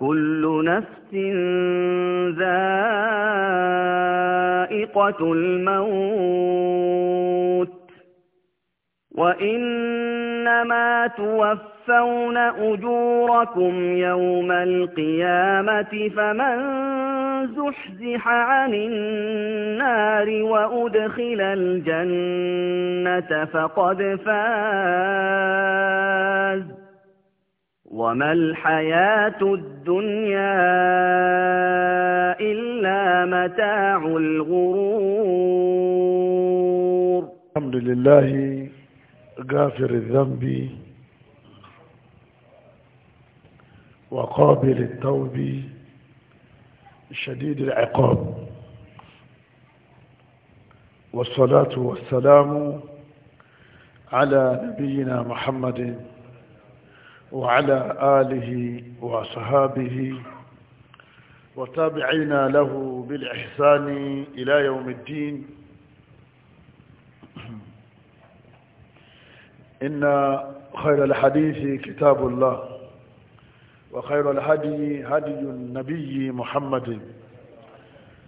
كل نفس ذائقة الموت وإنما توفون أجوركم يوم القيامة فمن زحزح عن النار وأدخل الجنة فقد فاز وما الحياة الدنيا إلا متاع الغرور الحمد لله غافر الذنب وقابل التوب شديد العقاب والصلاة والسلام على نبينا محمد وعلى آله وصحابه وتابعينا له بالإحسان إلى يوم الدين إن خير الحديث كتاب الله وخير الهدي هدي النبي محمد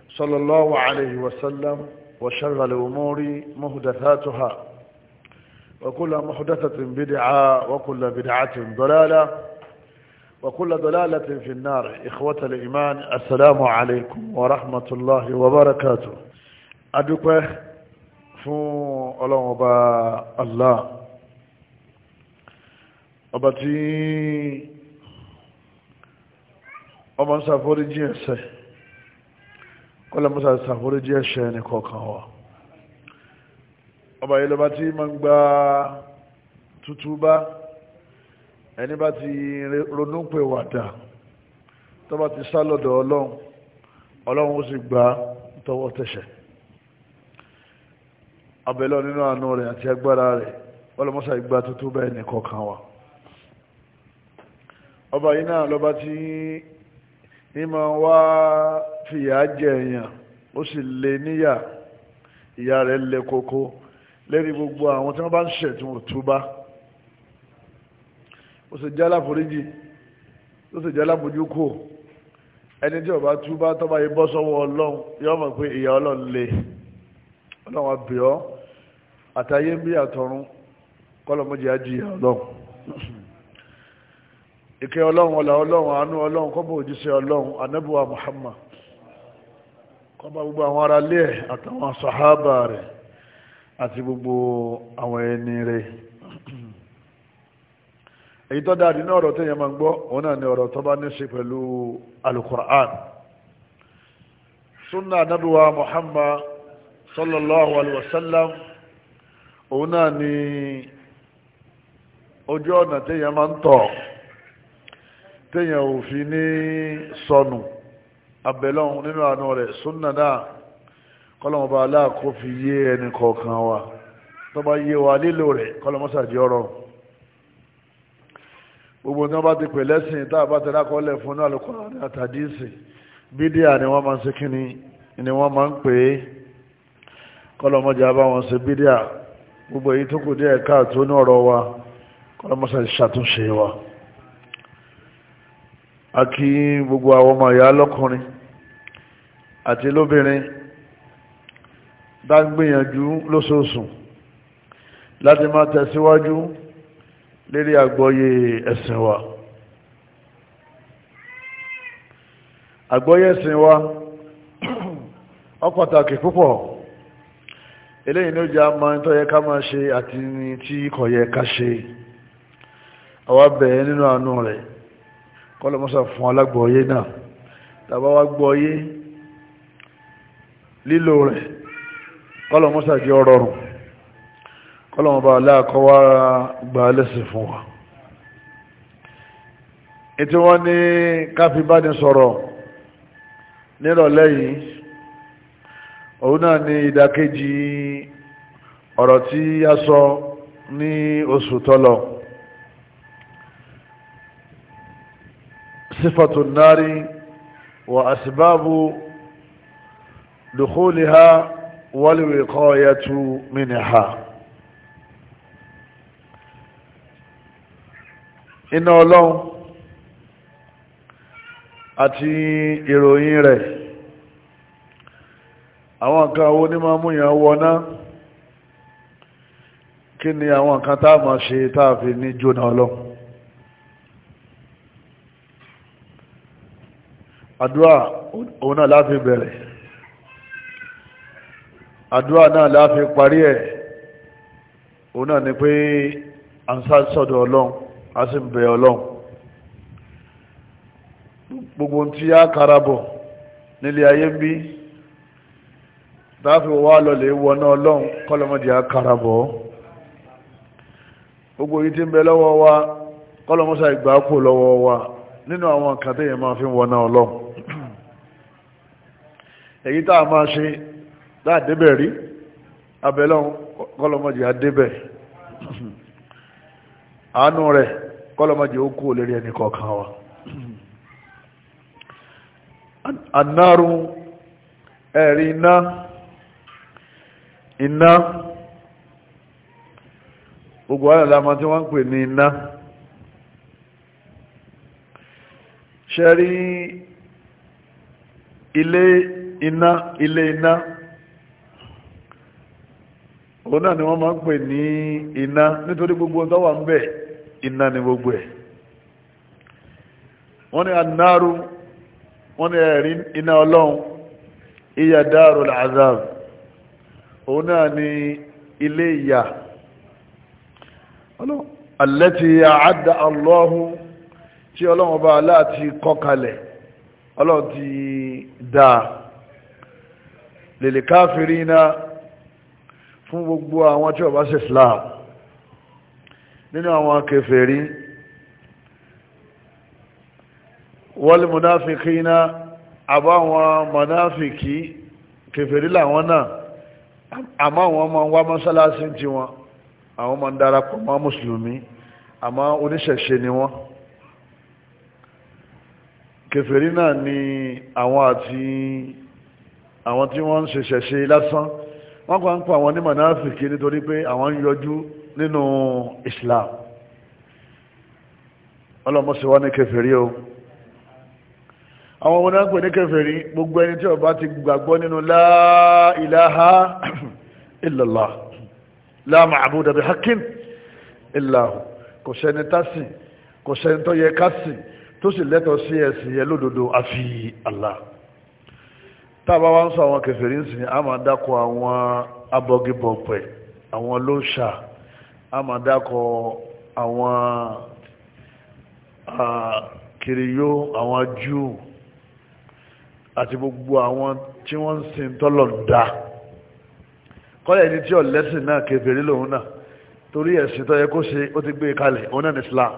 صلى الله عليه وسلم وشر الأمور مهدثاتها وكل محدثة بدعة وكل بدعة ضلالة وكل ضلالة في النار إخوة الإيمان السلام عليكم ورحمة الله وبركاته أدوك فو الله وبا الله أبتي أبا سافوري جيسة كل مسافوري جيسة نكوكا هو ọba yìí lọba tí ma ń gba tuntun bá ẹni bá ti ronúpẹ̀wàdà tọ́ba ti sá lọ́dọ̀ ọlọ́run ọlọ́run ó sì gba tọwọ́ tẹ̀sẹ̀ abẹ́lọ́ nínú àánú rẹ̀ àti agbára rẹ̀ ọlọ́mọ́sà ìgbà tuntun bá ẹnì kọ̀ọ̀kan wa ọba yìí náà lọba tí ní ma wá fìyà jẹ ó sì lè níyà ìyá rẹ̀ lè lérí gbogbo àwọn tí wọ́n bá ń ṣẹ̀ tí wọ́n túbá ó sì jẹ́ aláforíjì ó sì jẹ́ alábòjúkò ẹni tí ó bá túbá tó bá yẹ bọ́ sọ́wọ́ ọlọ́run yóò mọ̀ pé ìyà ọlọ́run le ọlọ́run àbíọ́ àtàyé ń bí àtọ̀run kọ́lọ́mọ́jì á jìyà ọlọ́run ìkẹ́ ọlọ́run ọlà ọlọ́run àánú ọlọ́run kọ́bọ̀ òjíṣẹ́ ọlọ́run anábùwà Muhammad kọ́bọ̀ gbogbo àwọn ará àtàwọn sàhábà rẹ̀ àti gbogbo àwọn ẹni rẹ̀ èyí tó dáadì ní ọ̀rọ̀ tó yẹ ma gbọ́ òun náà ni ọ̀rọ̀ tó bá ní ṣe pẹ̀lú alukur'an sunna anabiwa muhammad sallallahu alaihi wasallam òun náà ni ojú ọ̀nà tó yẹ ma ń tọ̀ téèyàn ò fi ní sọnù abẹ́lọ́hun nínú àánú rẹ̀ súnnà náà kọ́lọ́mọ bá aláàkó fi yé ẹni kọ̀ọ̀kan wa tó bá yé wa lílò rẹ̀ kọ́lọ́mọ sàdí ọ̀rọ̀ gbogbo tí wọ́n bá ti pè lẹ́sìn tá a bá ti rákọ́lẹ̀ fún náà lókọ́lá ní àtàdíìsì bídíà ni wọ́n máa ń ṣe kíni ni wọ́n máa ń pè é kọ́lọ́mọjà bá wọn ṣe bídíà gbogbo èyí tó kù díẹ̀ káàtó ní ọ̀rọ̀ wa kọ́lọ́mọsà ṣàtúnṣe wa a kí gbogbo àwọn ọmọ ìyá lọ́kùnrin àti lóbìnrin dágbìyànjú lóṣooṣù láti máa tẹ̀síwájú lérí àgbọ́yé ẹ̀sìn wa àgbọ́yé ẹ̀sìn wa ó pàtàkì púpọ̀ eléyìí ní ó jẹ́ àmà tó yẹ ká máa ṣe àti ní tí kò yẹ ká ṣe àwa bẹ̀ẹ́ nínú àánú rẹ̀ kọ́lọ̀mọ́sà fún alágbọ́yé náà tàbá wá gbọ́yé lílò rẹ̀ kọ́lọ̀ mọ́sà jẹ́ ọ̀rọ̀rùn kọ́lọ̀ mọ́ bá aláàkọ́ wá gbà lẹ́sìn fún wa ètí wọ́n ní káfí bá ní sọ̀rọ̀ nírọ̀lẹ́ yìí òun náà ní ìdàkejì ọ̀rọ̀ tí a sọ ní oṣù tọ́lọ̀ sífàtò nárí wà àsìbáàbù dùkúlìhá والوقاية منها iná ọlọ́run àti ìròyìn rẹ̀ àwọn nǹkan wo ní máa múyàn wọná kí ni àwọn nǹkan tá a máa ṣe tá a fi ní jóná ọlọ́run àdúrà òun láti bẹ̀rẹ̀ àdúrà náà láàfin parí ẹ̀ òun náà ni pé à ń sọ́dọ̀ ọlọ́run a sì ń bẹ ọlọ́run gbogbo tí a karabọ̀ nílé ayé ń bí dáàfin wà lọ́lẹ̀ wọná ọlọ́run kọ́lọ́mọdé a karabọ̀ gbogbo yìí tí ń bẹ lọ́wọ́ wa kọ́lọ́mọsá ìgbà kò lọ́wọ́ wa nínú àwọn kàtẹ́yìn máa fi wọná ọlọ́run èyí tá a máa ṣe láàdébẹ̀ rí abẹ́lọ́n kọ́lọ́mọ́jì adébẹ̀ àánú rẹ̀ kọ́lọ́mọ́jì ó kú olérí ẹni kọ̀ọ̀kan wa annáru ẹ̀rí iná iná gbogbo alàlámà tí wọ́n ń pè ní iná ṣe rí ilé iná ilé iná òun náà ni wọ́n máa ń pè ní iná nítorí gbogbo ohun wà ń bẹ iná ni gbogbo ẹ̀ wọ́n ní anáru wọ́n ní ẹ̀rí iná ọlọ́run iya darul azab òun náà ni ilé ìyà allati àádá Allahu tí ọlọ́run ọba láti kọkalẹ̀ ọlọ́run ti dáa lèlè káfìrí náà fún gbogbo àwọn tí ó bá ṣe Islam nínú àwọn kèfèrí wal munafiqina àbáwọn mọ̀náfìkì kèfèrí làwọn náà àmọ́ àwọn ọmọ wá mọ́sálásí tí wọn àwọn ọmọ ń darapọ̀ mọ́ mùsùlùmí àmọ́ oníṣẹ̀ṣe ni wọ́n kèfèrí náà ni àwọn àti àwọn tí wọ́n ń ṣẹ̀ṣẹ̀ṣe lásán wọ́n kàn ń pa àwọn onímọ̀ náà fìkì nítorí pé àwọn ń yọjú nínú Islam ọlọ́mọsí wá ní kèfèrí o àwọn ọmọ náà pè ní kèfèrí gbogbo ẹni tí ó ti gbàgbọ́ nínú la ilaha illallah la ma'buda bi haqqin illahu kò sẹ́ni tásì kò sẹ́ni tó yẹ kásì tó sì lẹ́tọ̀ọ́ sí ẹ̀sìn yẹ lódodo àfi Allah tábà wá ń sọ àwọn kẹfẹ́rí ń sìn àmà dákọ àwọn abọ́gibọ̀pẹ̀ àwọn lóṣà àmà dákọ àwọn kiriyó àwọn júù àti gbogbo àwọn tí wọ́n ń sìn tọ́lọ̀ dá kọ́lẹ̀ ẹni tí ọ̀lẹ́sìn náà kẹfẹ́rí lòun náà torí ẹ̀sìn tó yẹ kó ṣe ó ti gbé e kalẹ̀ òun náà ní Islam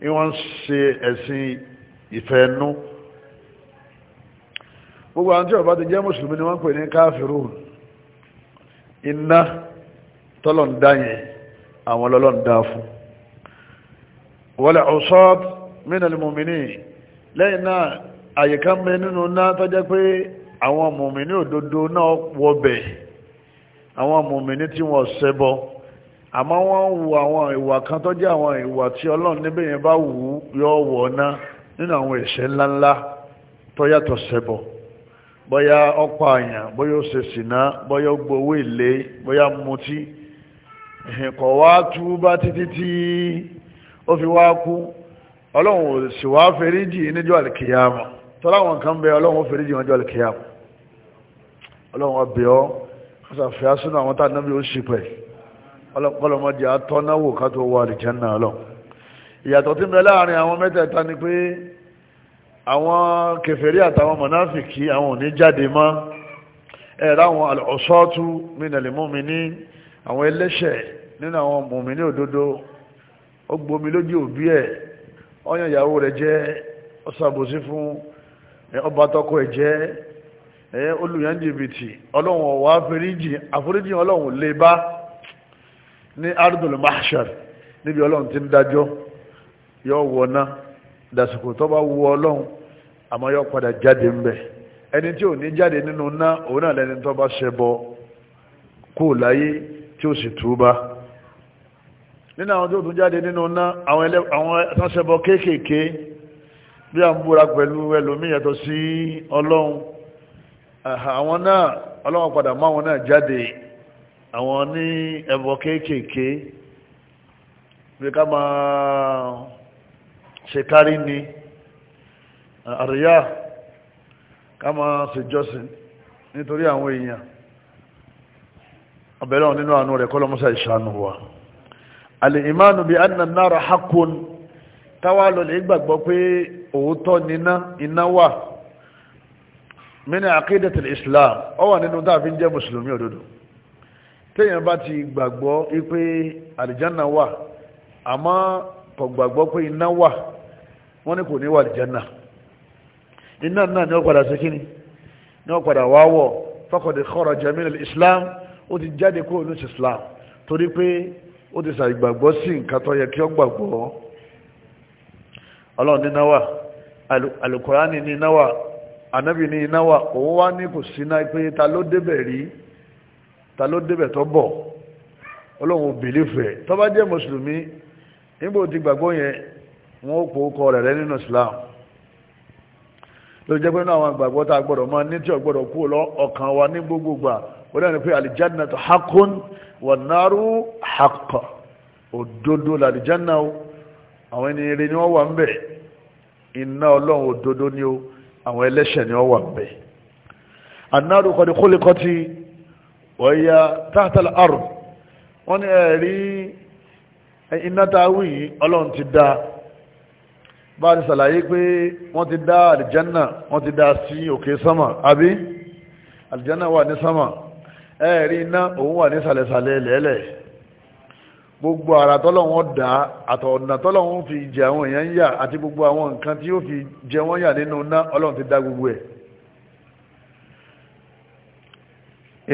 ni wọ́n ń ṣe ẹ̀sìn ìfẹ́ ẹnu. gbogbo àwọn tí ọba ti jẹ́ mùsùlùmí ni wọ́n pè ní káfírù iná tọ́lọ̀ yẹn àwọn lọ́lọ́ fún wọlé ọ̀sọ́b mínàlì lẹ́yìn náà àyíká mẹ́ nínú náà tó jẹ́ pé àwọn mùmìnì òdodo náà wọbẹ̀ àwọn mùmìnì tí wọ́n ṣẹbọ àmọ́ wọ́n wu àwọn ìwà kan tó jẹ́ àwọn ìwà tí ọlọ́run bọ́yá ọ̀pọ̀ àyàn bọ́yá ó ṣe sìná bọ́yá ó gbowó èlé bọ́yá mutí kọ̀ wá tú bá títí tí ó fi wá kú ọlọ́run ò sì wá fẹ́ríjì níjọ́ àlìkìyàmọ̀ tọ́lá àwọn kan bẹ ọlọ́run ó fẹ́ríjì níjọ́ àlìkìyàmọ̀ ọlọ́run ọbẹ̀ ọ́ kásàfẹ́ asúnà àwọn tá nábì ó sì pẹ̀ ọlọ́mọdé àtọ́náwò ká tó wọ náà lọ ìyàtọ̀ tí ń bẹ àwọn mẹ́tẹ̀ẹ̀ta ni pé àwọn kèfèrí àtàwọn mọ̀náfìkì àwọn òní jáde mọ́ ẹ̀rá àwọn alọ́sọ́tú mínàlímọ́mi ní àwọn ẹlẹ́ṣẹ̀ nínú àwọn mọ̀mí ní òdodo ó gbomi lójú òbí ẹ̀ ọyàn ìyàwó rẹ̀ jẹ́ ọsàbòsí fún ọba tọkọ ẹ̀ jẹ́ olùyànjìbìtì ọlọ́run ọ̀wọ́ àforíjì àforíjì ọlọ́run lè bá ní ardul mahshar níbi ọlọ́run ti ń dájọ́ yọ wọ̀ náà dàsìkò tó bá wu ọlọ́run àmọ́ yóò padà jáde ń bẹ̀ ẹni tí ò ní jáde nínú ná òun náà lẹni tó bá ṣe bọ kó láyé tí ó sì túbá nínú àwọn tó tún jáde nínú ná àwọn ẹ̀tọ́ṣẹbọ kéékèèké bí a ń búra pẹ̀lú ẹlòmíyàn tó sí ọlọ́run àwọn náà ọlọ́run padà mọ́ àwọn náà jáde àwọn ní ẹbọ kéékèèké bí ká máa ṣekárí ni àríyá ká máa ṣèjọsìn nítorí àwọn èèyàn abẹ́rẹ́ wọn nínú àánú rẹ̀ kọ́ lọ́mọ́sá ìṣàánú wa alìmánu bí anna nára hakun táwa lọ lè gbàgbọ́ pé òótọ́ níná iná wà mínú àkídẹ̀tì islam ó wà nínú dáàfi ń jẹ́ mùsùlùmí òdodo téèyàn bá ti gbàgbọ́ pé àlìjánà wà àmọ́ kò pé iná wà wọ́n ní kò ní wà lìjánà iná náà ni ó padà sí kíni ni ó padà wáwọ̀ faqad kharaja min al-islam ó ti jáde kúrò ní islam torí pé ó ti sàìgbàgbọ́ sí nǹkan tó yẹ kí ó gbàgbọ́ ọlọ́run ní náwà ní náwà anabi ní náwà òun wá ní kò síná pé ta ló débẹ̀ rí ta ló débẹ̀ tó bọ̀ ọlọ́run ò bìlífẹ̀ẹ́ tó jẹ́ mùsùlùmí nígbà ti gbàgbọ́ yẹn wọn ó pòókọ rẹ̀ rẹ̀ nínú islam ló jẹ́ pé náà àwọn ìgbàgbọ́ tá a gbọ́dọ̀ máa ní tí ò gbọ́dọ̀ kú lọ ọkàn wa ní gbogbogbà ó dẹ́ni pé àlìjánà tó hakun wà náírù hakọ òdodo làlìjánà o àwọn ẹni eré ni wọ́n wà ń bẹ̀ iná ọlọ́run òdodo ni o àwọn ẹlẹ́ṣẹ̀ ni wọ́n wà ń bẹ̀ anáàrù kọ́ni kólékọ́tì wọ́yá táàtàlà àrùn wọ́n ní ẹ̀rí iná tá ọlọ́run ti dáa bá ní sàlàyé pé wọ́n ti dá àlìjánà wọ́n ti dá sí òkè sánmà àbí àlìjánà wà ní sánmà ẹ̀ẹ̀rí iná òun wà ní sàlẹ̀sàlẹ̀ lẹ́lẹ̀ gbogbo ara tọ́lọ́wọ́n dá àtọ̀ọ̀nà tọ́lọ́wọ́n fi jẹ àwọn èèyàn yà àti gbogbo àwọn nǹkan tí ó fi jẹ wọ́n yà nínú iná ọlọ́run ti dá gbogbo ẹ̀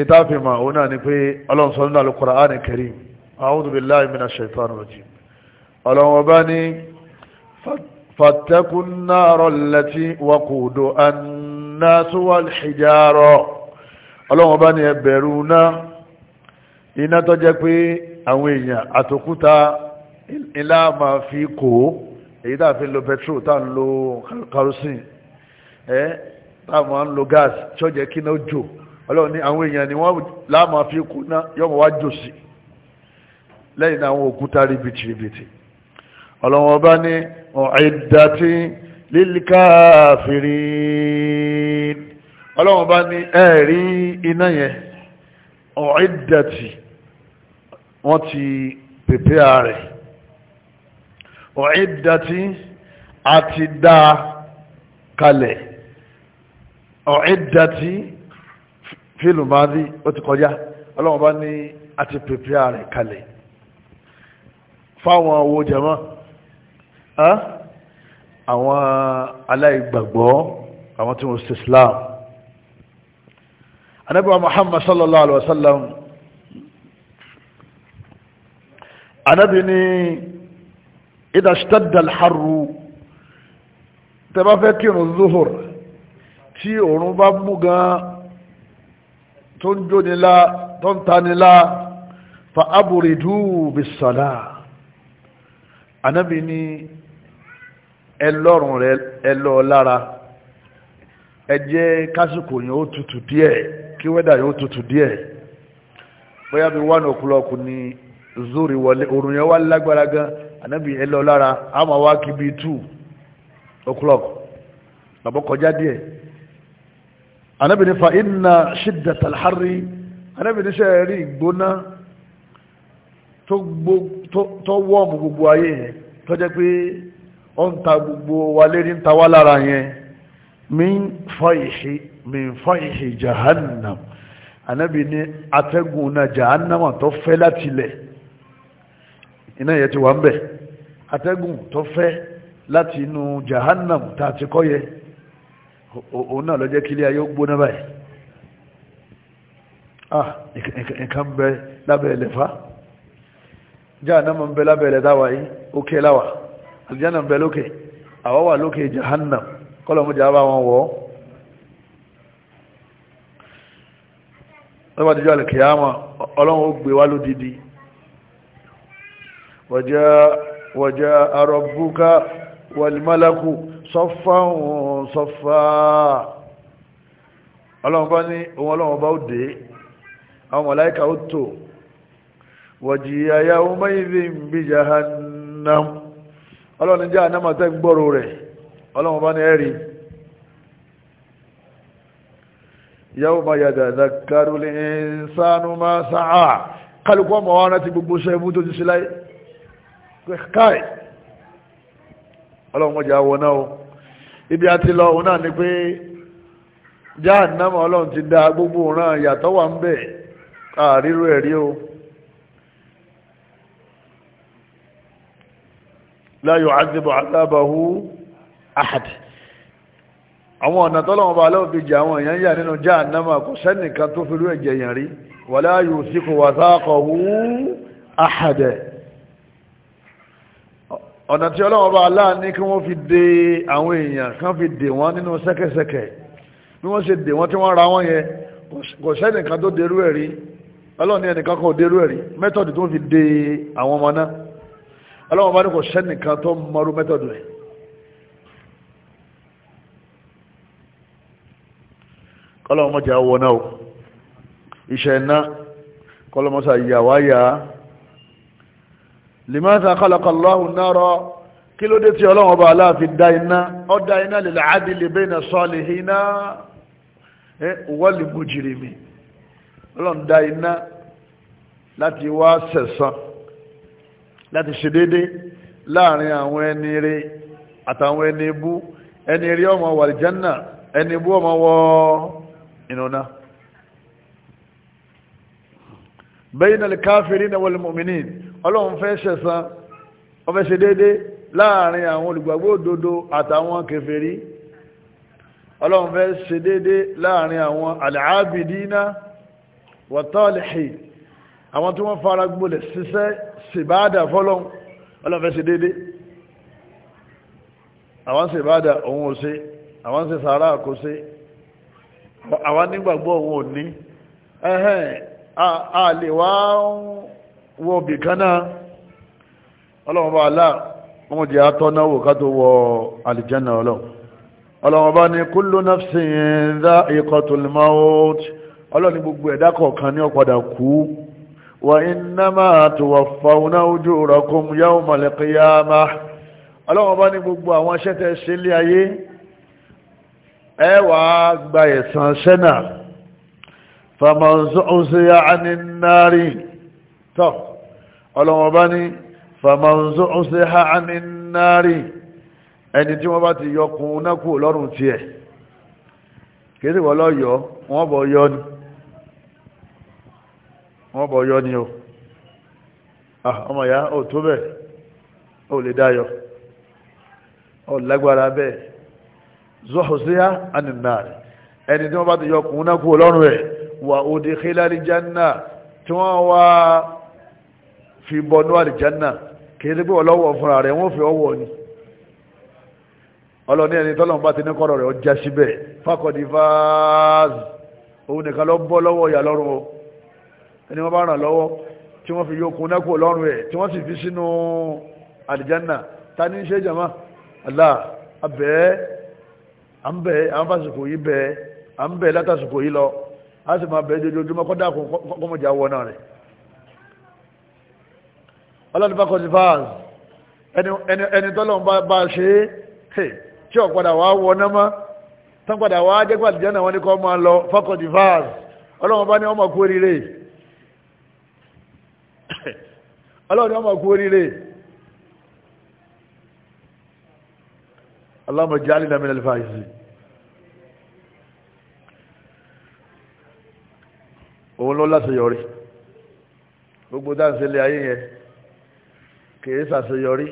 ìtàfihàn òun náà ni pé ọlọ́run sọ nínú Al-Qur'an Al-Karim A'udhu billahi minash shaitanir rajim ọlọ́run ọba ní فاتقوا النار التي وقودها الناس والحجارة ọlọ́run bá ní ẹbẹ̀rún náà iná tó jẹ́ pé àwọn èèyàn àtòkúta ilá máa fi kò èyí tàà fi lo petrol tàà ń lo kerosene ẹ́ tàà máa ń lo gas tí ó jẹ́ kí náà jò ọlọ́run ní àwọn èèyàn ni wọ́n láà máa fi kò náà yọ́mọ̀ wá jò sí lẹ́yìn àwọn òkúta ríbitì ríbitì ọlọ́wọ́ bá ní ọ̀ẹ̀dàtí lílìkáàfìrí ọlọ́wọ́ bá ní ẹ̀rí iná yẹn ọ̀ẹ̀dàtí wọ́n ti pèpè ààrẹ ọ̀ẹ̀dàtí àti dá kalẹ̀ ọ̀ẹ̀dàtí fílù máa rí ó ti kọjá ọlọ́wọ́ bá ní àti pèpè ààrẹ kalẹ̀ fáwọn owó jẹmọ́ àwọn aláìgbàgbọ́ àwọn tí wọ́n ṣe Islam Ànábì wa Muhammad sallallahu alaihi wasallam Ànábì ni idha ishtadda al-harru tẹbá fẹ́ kírun zuhur tí òòrùn bá mú gan tó ń jónilá tó ń tanilá fa aburidu bis-salah ni ẹlọ́run rẹ ẹlọ́ lára ẹ jẹ́ kásìkò yẹn ó tutù díẹ̀ kí wẹ́dà yẹn ó tutù díẹ̀ bóyá bí one o'clock ni zuri wọlé òrùn yẹn wá lágbára gan ànábì ẹlọ́ lára a máa wá kí bíi two o'clock bàbá kọjá díẹ̀ ànábì ní fa inna shiddat al-harri ànábì ní sẹ́yìn rí ìgbóná tó wọ́ọ̀mù gbogbo ayé yẹn tó jẹ́ pé ó ń ta gbogbo wa lérí ń ta wá lára yẹn min fayhi min fayhi jahannam anabi ni atẹ́gùn náà jahannam tó fẹ́ láti lẹ̀ iná yẹn ti wà ń bẹ̀ atẹ́gùn tó fẹ́ láti inú jahannam tá ti kọ́ yẹ òun náà ló kílé ayé ó gbóná báyìí ah nǹkan bẹ lábẹ́ ẹ̀lẹ́fà jahannam ń bẹ lábẹ́ ẹ̀lẹ́dáwà yìí ó kẹ́ láwàá aljanna bẹ lókè àwa wà lókè jahannam kọ́lọ̀mọ́jà bá wọn wọ́ lọ́wọ́ àdíjọ́ alìkìyàmà ọlọ́run ó gbé wá lódìdí wọ̀jẹ́ arọ̀búká wàlìmálákù sọ́fáhùn sọ́fá ọlọ́run bá ní ohun ọlọ́run bá ó dé àwọn mọ̀láíkà ó tò wọ̀jì àyà ó mẹ́ ìrìn bí jahannam ọlọ́run jẹ́ ànámà tẹ́ ń gbọ́rò rẹ̀ ọlọ́run bá ní ẹ̀rí yawma yatadhakkaru al-insanu ma sa'a kálukú ọmọ wa rántí gbogbo sẹ́ẹ̀bù tó ti sí láyé káì ọlọ́run mọ̀jà wọ náà o ibi àti lọ òun náà ni pé jẹ́ ànámà ọlọ́run ti dá gbogbo òun náà yàtọ̀ wà ń bẹ̀ àrírò ẹ̀rí o. la yu'adhibu 'adhabahu ahad àwọn ọ̀nà tọ́lọ̀wọ̀n bá aláwọ̀ fi jẹ àwọn èèyàn yà nínú jahannama kò sẹ́nìkan tó fi rú ẹ̀jẹ̀ yàn rí wala yusiku wathaqahu ahad ọ̀nà tí ọlọ́wọ̀n bá aláà ní kí wọ́n fi dé àwọn èèyàn kan fi dè wọ́n ọlọ́wọ́n bá ní kò sẹ́ni kan tó mọ́rú mẹ́tọ̀dù rẹ̀ kọ́lọ́wọ́n mọ́jà wọ náà o iṣẹ́ iná kọ́lọ́mọ́sà yàwáyà limata kọ́lọ́kọ́lọ́hù náà kí ló dé tí ọlọ́wọ́n bá aláàfi dá iná ọ dá iná lè àdí lè bẹ́ẹ̀ náà sọ́ọ̀lì láti ṣe déédé láàrin àwọn ẹni ire àtàwọn ẹni ibú ẹni ire ọmọ wọ àlìjánà ẹni ibú ọmọ wọ ìnùnà bẹ́yìn náà káfíìrì náà wọlé mọ̀mìnì ọlọ́run fẹ́ ṣẹ̀san ó fẹ́ ṣe déédé láàrin àwọn olùgbàgbọ́ òdodo àtàwọn kèfèrí ọlọ́run fẹ́ ṣe déédé láàrin àwọn àlàábìdínà wọ̀tọ́ọ̀lì àwọn tí wọ́n fara gbolẹ̀ ṣiṣẹ́ ṣèbáàdà fọ́lọ́n ọlọ́fẹ́ ṣe dédé àwọn ṣèbáàdà òun ò ṣe àwọn ṣe sàárà kò ṣe àwọn nígbàgbọ́ òun ò ní ẹ̀hẹ́n a lè wá wọ bìkan náà ọlọ́wọ́n bá aláà wọ́n jẹ́ atọ́náwò ká tó wọ àlìjẹ́nà ọlọ́wọ́ ọlọ́wọ́n bá ní kullu وإنما توفون أجوركم يوم القيامة ọlọ́wọ́n bá ní gbogbo àwọn ṣẹ́tẹ̀ ṣe lé ayé ẹ wá gba ẹ̀san ṣẹ́nà fàmọ̀nsọ́nsẹ́yà ànínárí tọ́ ọlọ́wọ́n bá ní fàmọ̀nsọ́nsẹ́yà ànínárí ẹni tí wọ́n bá ti yọkùn náà kú lọ́rùn tiẹ̀ kí wọ́n bọ̀ yọ ni o ah, ọmọ ìyá ò tó bẹ̀ ò lè dáyọ ò lágbára bẹ́ẹ̀ zọ́hùsíyá ànìnà ẹni tí wọ́n bá ti yọ kùn náà kú ọlọ́run ẹ̀ wà òdì kílárì jánà tí wọ́n wá fi bọnú àlìjánà kìí sí pé ọlọ́wọ́ fúnra rẹ̀ wọ́n fi ọwọ́ ni ọlọ́ni ẹni tọ́lọ́n bá ti ní kọ́rọ̀ rẹ̀ ọjà síbẹ̀ fákọ̀dí fáàzì òun nìkan lọ bọ́ lọ́wọ́ ìyà lọ́rùn o ẹni wọ́n bá ràn lọ́wọ́ tí wọ́n fi yókun nẹ́kù lọ́rùn ẹ̀ tí wọ́n sì fi sínú àlìjánà ta ní ṣe jama Allah abẹ́ à ń bẹ̀ à ń fàsìkò yìí bẹ̀ à ń bẹ̀ látàsìkò yìí lọ a sì máa bẹ̀ dojoojúmọ́ kọ́ dàkún kọ́mọ̀jà wọ náà rẹ̀ ọlọ́dúnfà kọ́sífàs ẹni tọ́lọ́ bá ṣe é tí ọ̀padà wà wọ náà mọ́ tán padà wà jẹ́ pàtìjánà wọn ni kọ́ máa lọ fàkọ́sífàs ọlọ́wọ́n bá ní ọmọ kú oríire ọlọ́run ọmọ kú oríire اللهم اجعلنا من الفائزين òun ló láṣeyọrí gbogbo dáńsílẹ̀ ayé yẹn kìí ṣàṣeyọrí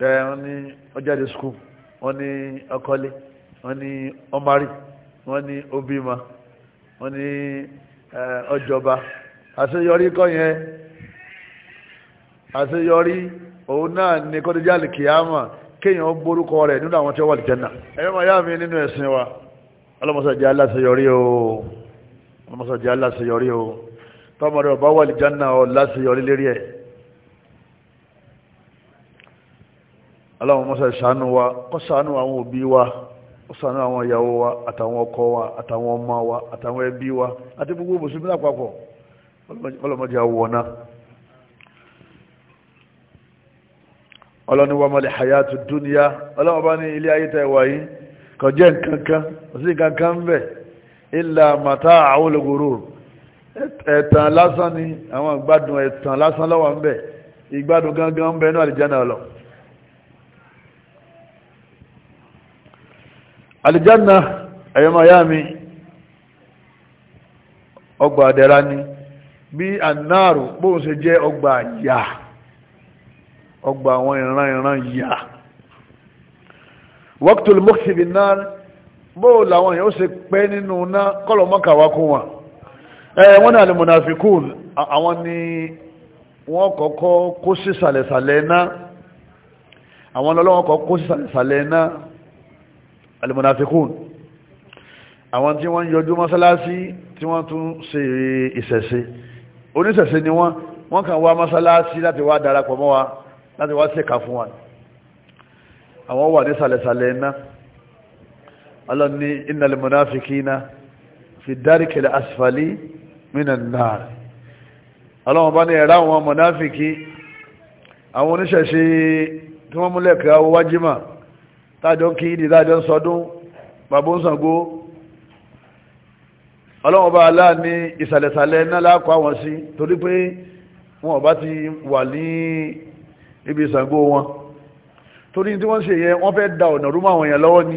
ẹ wọ́n ní ọjáde skul wọ́n ní ọkọlé wọ́n ní ọmọrí wọ́n ní obìma wọ́n ní ọjọba àṣeyọrí kọ́ yẹn àṣeyọrí òun náà ni kọ́díjà lè kìyàmà kéèyàn borúkọ rẹ̀ nínú àwọn tí ó wà lìjẹ́nà ẹ̀yọ́ máa yá mi nínú ẹ̀sìn wa ọlọ́mọsàjẹ́ aláṣeyọrí o ọlọ́mọsàjẹ́ aláṣeyọrí o tọ́mọdé ọba wà lìjẹ́nà ọ láṣeyọrí lérí ẹ̀ aláwọ̀mọ́sà ṣàánú wa kó ṣàánú àwọn òbí wa kó ṣàánú àwọn ìyàwó wa àtàwọn ọkọ wa àtàwọn ọmọ wa àtàwọn ẹbí wa àti gbogbo mùsùlùmí lápapọ̀ ọlọ́mọdé ọlọ́ni wọ́n mọ̀lẹ̀ hayatu dúníyà ọlọ́wọ́ bá ní ilé ayé tẹ́wà yìí kò jẹ́ nkankan sí nkankan bẹ̀ ilà màtá àwọn olùgbòrò ẹ̀tàn lásán ni àwọn ìgbádùn ẹ̀tàn lásán lọ́wọ́ ń bẹ̀ ìgbádùn gangan ń bẹ̀ ní àlìjánà ọlọ́ ọgbà àwọn ìran ìran yà waqtul mukhsibin náà bóò làwọn èèyàn ó ṣe pẹ́ nínú náà kọ́lọ̀ mọ́kàwá kún wọn ẹ wọ́n ní alimunafikun àwọn ni wọ́n kọ́kọ́ kó sí sàlẹ̀sàlẹ̀ náà àwọn lọ́lọ́wọ́ kọ́ kó sí sàlẹ̀sàlẹ̀ náà alimunafikun àwọn tí wọ́n yọjú mọ́sálásí tí wọ́n tún ṣe ìṣẹ̀ṣe oníṣẹ̀ṣe ni wọ́n wọ́n kàn wá mọ́sálásí láti wá darapọ̀ mọ́ wa láti wá sílẹ̀ka fún wa àwọn wà ní sàlẹ̀sàlẹ̀ iná alọ́ni innal munafikina fi dárìkìlẹ̀ asfali minan nar ọlọ́wọ́n bá ní ẹ̀rá àwọn munafiki àwọn oníṣẹ̀ṣe tí wọ́n múlẹ̀ kí awọ wájímà tájọ́ kí ìdí tájọ́ sọdún bàbá ń sàngó ọlọ́wọ́n bá aláà ní ìsàlẹ̀sàlẹ̀ iná lákọ̀ àwọn sí torí pé wọn ò ti wà ní níbi ìsàngó wọn torí tí wọ́n ṣe yẹ wọ́n fẹ́ da ọ̀nà rúmọ́ àwọn èèyàn lọ́wọ́ ni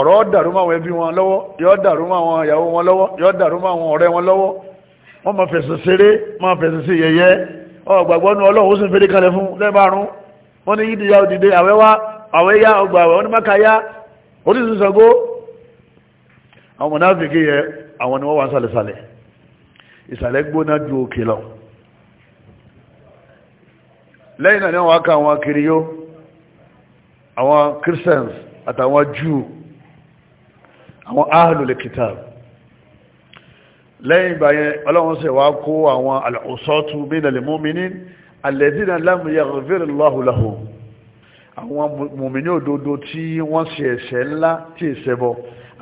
ọ̀rọ̀ dàrú mọ́ àwọn ẹbí wọn lọ́wọ́ yọ́ dàrú mọ́ àwọn ìyàwó wọn lọ́wọ́ yọ́ dàrú mọ́ àwọn ọ̀rẹ́ wọn lọ́wọ́ wọ́n máa fẹ̀sẹ̀ ṣeré máa fẹ̀sẹ̀ sí yẹ̀yẹ́ ọgbàgbọ́ nu ọlọ́run ó sì fẹ́rẹ́ kalẹ̀ fún lẹ́bàárún wọ́n ní yídìí ya òdìdé àwẹ́ wá àwẹ́ yá ọgbà àwẹ́ wọn ní máka yá oríṣi Ṣàngó àwọn mọ̀nàfíkì yẹ àwọn ni wọ́n wà sàlẹ̀sàlẹ̀ ìsàlẹ̀ gbóná ju òkè lọ lẹ́yìn náà ni wọ́n ká àwọn kiriyó àwọn christians àtàwọn jew àwọn ahlul kitab lẹ́yìn ìgbà yẹn ọlọ́run sì wá kó àwọn al'usọ́tù minal mu'minin alladhina lam yaghfir Allahu lahum àwọn mùmìnì òdodo tí wọ́n ṣe ẹ̀ṣẹ̀ ńlá tí ìṣẹ́bọ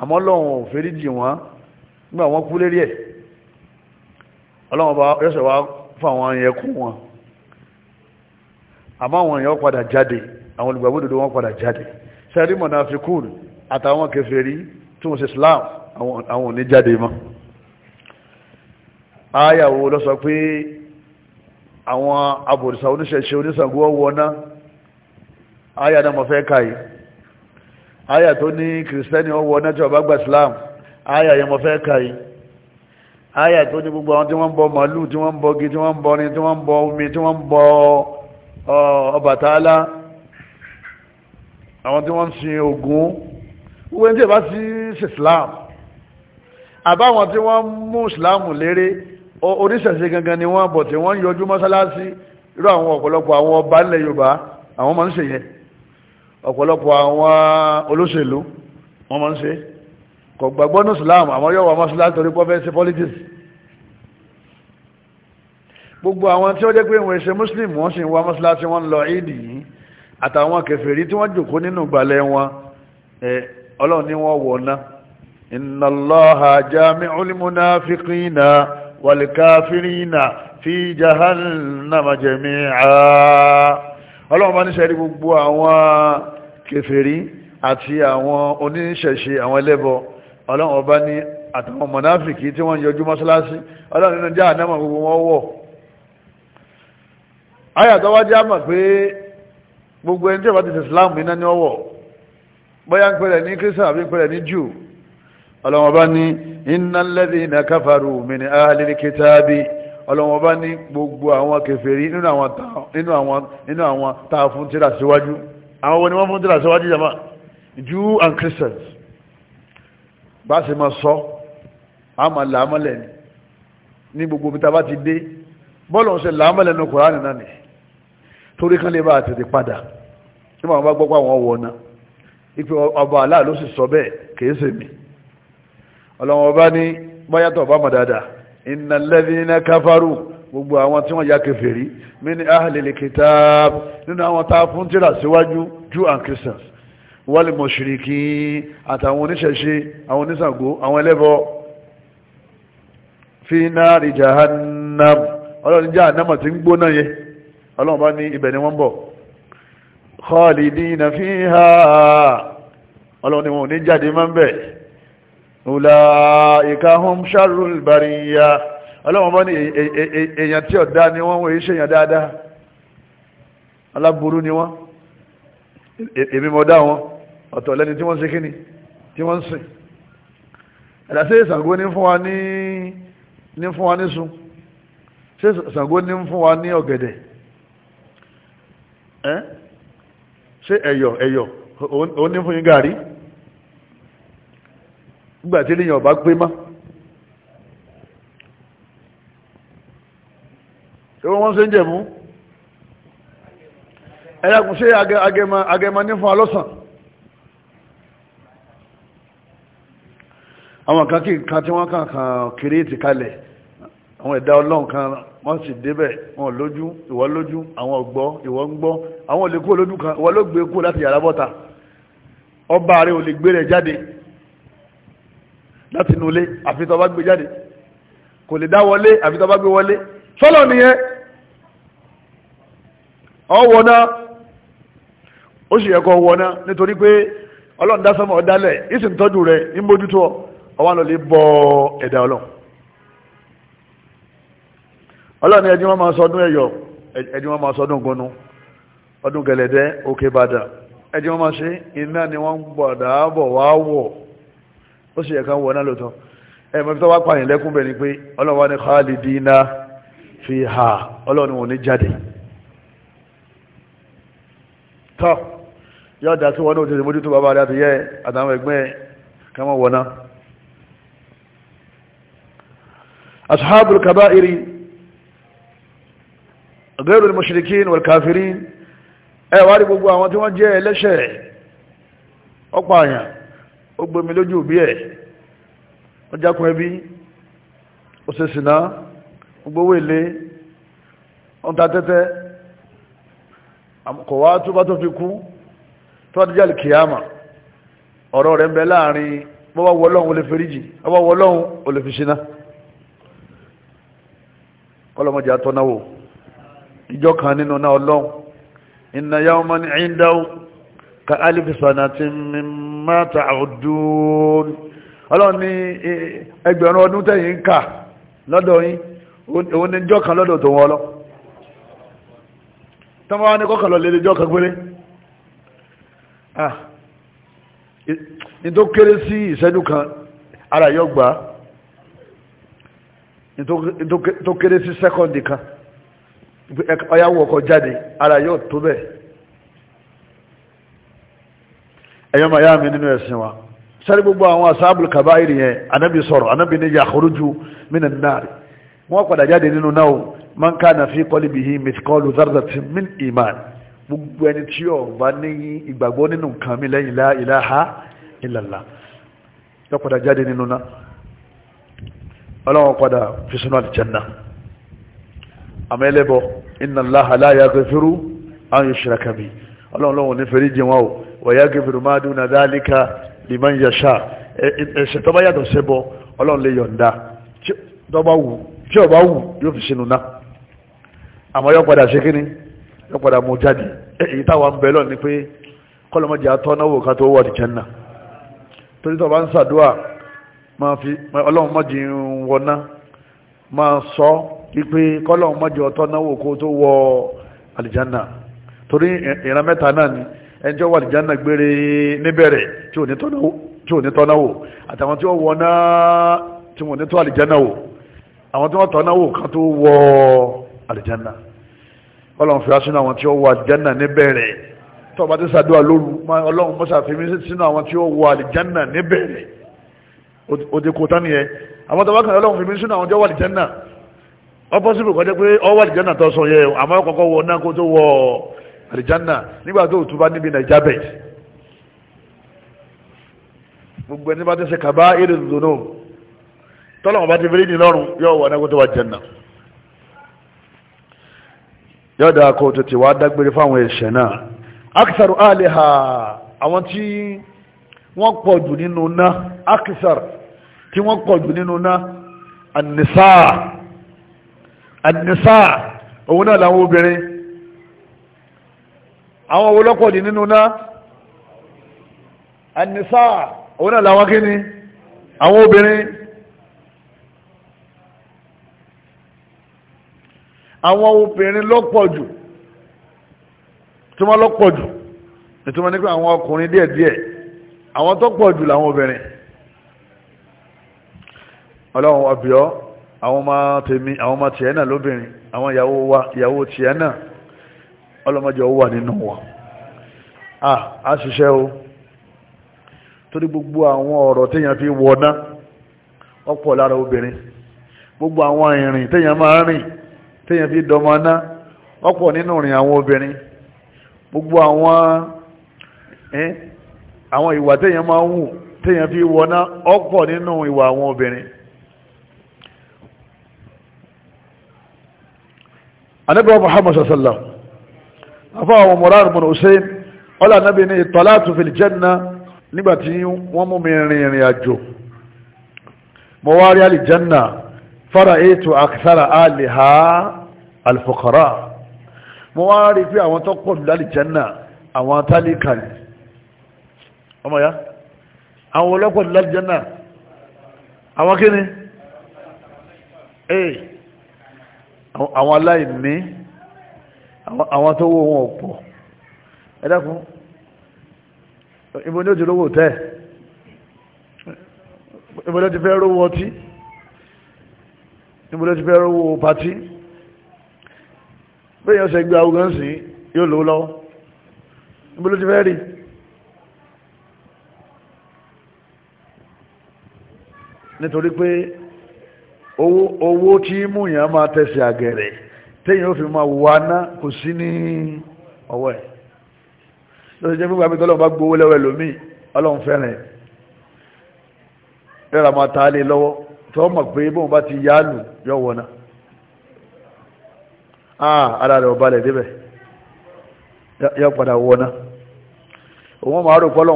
àmọ́ ọlọ́run ò fẹ́ríjì wọ́n nígbà wọ́n kú lérí ẹ̀ ọlọ́run bá yọ́sẹ̀ wá fún àwọn ẹ̀kún wọn àmọ́ àwọn èèyàn padà jáde àwọn olùgbàgbọ́ òdodo wọn padà jáde sẹ́rí mọ̀nàfikún àtàwọn kèfèrí tí wọ́n ṣe Islam àwọn ò ní jáde mọ́ ayàwó lọ sọ pé àwọn abòrìṣà oníṣẹ̀ṣe oníṣàngó wọná ayà náà mọ̀ fẹ́ káyìí ayà tó ní kìrìsìtẹ́nì ọwọ́ náà tí ó gba Islam ayà yẹn mọ̀ fẹ́ káyìí ayà tó ní gbogbo àwọn tí wọ́n ń bọ màálù tí wọ́n ń bọ gi tí wọ́n ń bọ ni tí wọ́n ń bọ omi tí wọ́n ń bọ Ọbàtálá àwọn tí wọ́n ń sin Ògún gbogbo ẹni tí ìbá sí Islam àbáwọn tí wọ́n mú Islam léré oníṣẹ̀ṣe gangan ni wọ́n bọ̀ tí wọ́n yọjú mọ́sálásí irú àwọn ọ̀pọ̀lọpọ̀ àwọn ọba ilẹ̀ Yorùbá àwọn máa ń ṣe yẹn ọ̀pọ̀lọpọ̀ àwọn olóṣèlú wọ́n máa ń ṣe kò gbàgbọ́ ní Islam àwọn yọ̀wọ̀ mọ́sálásí torí pọ́fẹ́sì politics gbogbo àwọn tí ó jẹ́ pé wọ́n ṣe muslim wọ́n sì ń wá mọ́sálásí wọ́n lọ ìdì yìí àtàwọn kèfèrí tí wọ́n jòkó nínú ìgbàlẹ̀ wọn ọlọ́run wọ́n wọ̀ ná inna Allaha jami'ul munafiqina wal fi jahannama jami'a ọlọ́run bá níṣẹ́ rí gbogbo àwọn àti àwọn àwọn ayàtọ̀ wá jẹ́ àmà pé gbogbo ẹni tí ó ti islam iná ní ọwọ́ bóyá ń pẹ̀lẹ̀ ní kírísà àbí pẹ̀lẹ̀ ní jù ọlọ́wọ́bá ní innal ladhina kafaru min ahlil kitabi ọlọ́wọ́bá ní gbogbo àwọn kèfèrí nínú àwọn tàà fún tíra síwájú àwọn ni wọ́n fún tíra síwájú jama Jew and Christians bá sì máa sọ àmàlà àmàlẹ̀ ní gbogbo bí ta bá ti torí kan lè bá a tètè padà tí wọ́n bá gbọ́pọ̀ àwọn ọwọ́ náà ipe ọba aláà ló sì sọ bẹ́ẹ̀ kìí ṣe mi ọlọ́wọ́n ọba ní báyàtọ̀ ọba mọ̀dáadà iná lẹ́dínlẹ́dínlẹ́ káfárù gbogbo àwọn tí wọ́n ya kèfèrí mí ní ahàlèlè kìtàb nínú àwọn tá a fún tíra síwájú Jew and Christians wọ́lì mọ̀ṣìrìkì àtàwọn oníṣẹ̀ṣe àwọn oníṣàngó àwọn ẹlẹ́bọ fi náà rí jahannam ọlọ́run jahannam ti ń gbóná yẹn ọlọ́run bá ní ibẹ̀ ni wọ́n bọ̀ khalidina fiha ọlọ́run ni wọ́n ní jáde máa ń bẹ̀ ulaika hum sharrul bariyya ọlọ́run bá ní èèyàn tí ọ̀dá ni wọ́n wọ́n iṣẹ́ èèyàn dáadáa aláburú ni wọ́n e, èmi mọ̀ dá wọn ọ̀tọ̀ fún wa ní ọ̀gẹ̀dẹ̀ ẹ́ ṣé ẹ̀yọ̀ ẹ̀yọ̀ òun ní fún yín má wọ́n wọ́n ṣe ń ẹ̀yàkùn agẹmọ ní fún alọ́sàn àwọn kan kí tí wọ́n kàn kàn àwọn wọ́n sì débẹ̀ wọn lójú ìwọ lójú àwọn ọ̀gbọ́ ìwọ ń gbọ́ àwọn olè kú lójú kan ìwọ ló gbé kú láti yàrá bọ́ta ọba rẹ ò lè gbé rẹ jáde láti inú ilé àfi tó bá gbé jáde kò lè dá wọlé àfi tó gbé wọlé sọ́lọ̀ nìyẹn ọwọ́ náà ó sì yẹ kó nítorí pé ọlọ́run ọ̀dálẹ̀ ìsìn tọ́jú rẹ̀ ń mójútó ọ ọwọ́ àlọ́ lè bọ ẹ̀dá ọlọ́run ọlọ́ni ẹni wọ́n máa sọdún ẹ̀yọ̀ ẹni wọ́n máa sọdún gbónú ọdún gẹ̀lẹ̀dẹ́ òkè bàdà ẹni wọ́n máa ṣe iná ni wọ́n gbọ̀dá bọ̀ wá wọ̀ ó sì yẹ ká wọ̀ náà lóòótọ́ ẹ̀mọ́ fi tó wá pààyàn lẹ́kún bẹ̀ ni pé ọlọ́wọ́ ni khalidina fiha ọlọ́ni wọn ní jáde tọ́ yóò dá sí wọn ní òtítì mójútó bàbá rẹ̀ àtìyẹ́ àtàwọn ẹgbẹ́ ká wọ̀ náà ashabul kaba'iri غير المشركين والكافرين ẹ wá rí gbogbo àwọn tí wọ́n jẹ́ ẹlẹ́ṣẹ̀ ọ̀pọ̀ àyàn ó gbomi lójú òbí ẹ̀ ó ogbowo ẹbí ó ṣe sìná gbogbo èlé ó ń ta laarin kò wá fi ìjọ kan nínú náà ọlọ́run inna yawman indahu ka alifisana sanatin mimma ta'udun ọlọ́run ní ẹgbẹ̀rún ọdún tẹ̀yìn ń kà lọ́dọ̀ yín òun ni ìjọ kan lọ́dọ̀ tó wọ́n lọ tọ́mọ́ wá ní kọ́kànlọ́ lè ìjọ kan péré ní ah, kéré sí ìṣẹ́jú kan ara yọ gbà ní kéré sí sẹ́kọ̀ndì kan ọyáwó ọkọ̀ jáde ara yóò tó bẹ̀ ẹ̀yọ́ máa yá mi nínú ẹ̀sìn wa sáré gbogbo àwọn asáàbùl kàbáyìrì yẹn anábì sọ̀rọ̀ anábì ní yàkúrújú mínà náà wọ́n padà jáde nínú náà man kana fi qalbihi mithqalu dharratin min iman gbogbo ẹni tí ó bá ní ìgbàgbọ́ nínú nǹkan mi lẹ́yìn la ilaha illallah yọ́ padà jáde nínú náà ọlọ́wọ́ padà fi sínú àlùjánnà àmẹ́lẹ́bọ ina Allaha ya yaghfiru an yushraka bihi ọlọ́run ní fẹ́rí jẹ wọn o wa yaghfiru ma duna liman yasha ẹ̀ṣẹ̀ tó yàtọ̀ sẹ́bọ ọlọ́run lè yọ̀ǹda bá wù tí wù yóò fi sínú náà àmọ́ yóò padà ṣe kíní yóò padà mú jáde èyí táwa ń bẹ lọ ni pé ká wà torí ń ṣàdúrà wípé kọ́lọ̀ mọ́jọ ọ̀tọ́ náwó kó tó wọ àlìjánà torí ìran mẹ́ta náà ni ẹni tí ó wà àlìjánà gbére níbẹ̀rẹ̀ tí ò ní tọ́ náwó àtàwọn tí ó wọ náà tí wọ́n ní tọ́ àlìjánà wò àwọn tí wọ́n tọ́ náwó kan tó wọ àlìjánà ọlọ́run fi wá sínú àwọn tí ó wọ àlìjánà níbẹ̀rẹ̀ tó bá ti sàdúrà lóru ọlọ́run mọ́sà fi mí sínú àwọn tí ó wọ àlìjánà níbẹ̀rẹ̀ òdìkò tán nìyẹn àwọn tó bá kàn ọlọ́run fi sínú àwọn tí ó wọ àlìjánà ọpọsibú kọjá pé ọwọ́ àlìjánà tó sọ yẹ àmọ́ kọ́kọ́ wọ náà kó tó wọ àlìjánà nígbà tó tún bá níbi nàìjà bẹ̀ gbogbo ẹni bá tẹsẹ̀ kaba èrè dùnú tọ́lọ̀ wọn bá ti fẹ́rẹ́ ní lọ́rùn yóò wọ náà kó tó wà jẹ́nà yóò dáa kó tètè wá dágbére fáwọn ẹ̀ṣẹ̀ náà akisaru aliha àwọn tí wọ́n pọ̀ jù nínú náà akisar tí wọ́n pọ̀ jù nínú náà anisa àdínísà òun náà làwọn obìnrin àwọn owó lọ́pọ̀ dì nínú náà àdínísà òun náà làwọn kíni àwọn obìnrin àwọn obìnrin lọ́pọ̀ jù tí wọ́n lọ́pọ̀ jù ìtumọ̀ nípa àwọn ọkùnrin díẹ̀díẹ̀ àwọn tó pọ̀ jù làwọn obìnrin ọlọ́run ọ̀bíọ́ àwọn ọmọ tèmi àwọn ọmọ tìẹ náà lóbìnrin àwọn ìyàwó wa náà ọlọ́mọdé wà a ṣiṣẹ́ o torí gbogbo àwọn ọ̀rọ̀ téèyàn fi wọ̀ná ọpọ̀ lára obìnrin gbogbo àwọn ìrìn téèyàn máa rìn fi dọmọná ọ̀pọ̀ nínú àwọn obìnrin gbogbo àwọn ìwà máa ń wù fi wọ̀ná nínú ìwà àwọn obìnrin anabi muhammad sallallahu afa àwọn murar bin hussein ọlá anabi ní ìtọ́látù fil janna nígbàtí wọ́n mú mi rin ìrìn àjò mo wá rí alìjanna fara ètò àkàsára àlìhá alfukara mo wá rí pé àwọn tó pọ̀ lórí alìjanna àwọn tálíkàlì ọmọ ya àwọn ọlọ́pọ̀ lórí alìjanna àwọn kíni eh àwọn aláìní àwọn tó wó wọn ọ̀pọ̀ ẹ dákun ibo ni ó ti lówó tẹ́ ibo ni ó ti fẹ́ rówó ọtí ibo ni ó ti fẹ́ rówó patí bẹ́yàn ṣe gbé awúgán sí yóò lówó lọ́wọ́ ibo ló ti fẹ́ rí nítorí pé owó owó tí mú yàn máa tẹ̀sí àgẹ̀rẹ̀ téèyàn ó fi máa wà ná kò sí ní ọwọ́ ẹ̀ lọ́sọ̀ jẹ́ fúnpa pẹ̀lú ọlọ́run bá gbowó lọ́wọ́ ẹlòmíì ọlọ́run fẹ́ràn ẹ̀ rẹ́ra máa ta lé lọ́wọ́ tó mọ̀ pé bóun bá ti ọlọ́run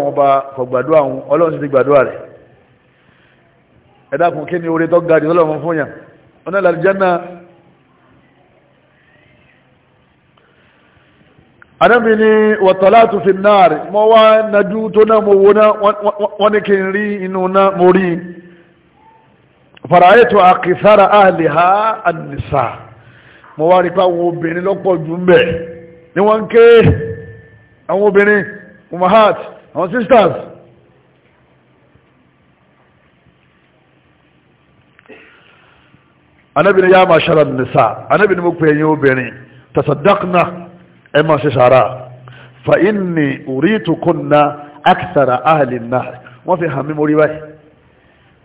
ọba ti gbàdúrà rẹ̀ ẹ̀dàkùn kí ni orí tó ga jù lọ́lọ́run fún yàn ọ̀nà làlìjánà anábì ni wàtàlátù fi náàrí mọ́ wá nájú tó náà mo wo náà wọ́n ní kí n rí inú náà mo rí faraayetu akisara ahliha an-nisa wá rí pa àwọn obìnrin lọ́pọ̀ jù ń bẹ̀ ni wọ́n ń ké àwọn obìnrin umahat àwọn sisters anabi ni yàrá masara nisa anabi ni mo pè yín obìnrin tasadakna ẹ ma ṣe sara fa inni uritu kunna akitara ahali na wọn fi hàn mí mo rí báyìí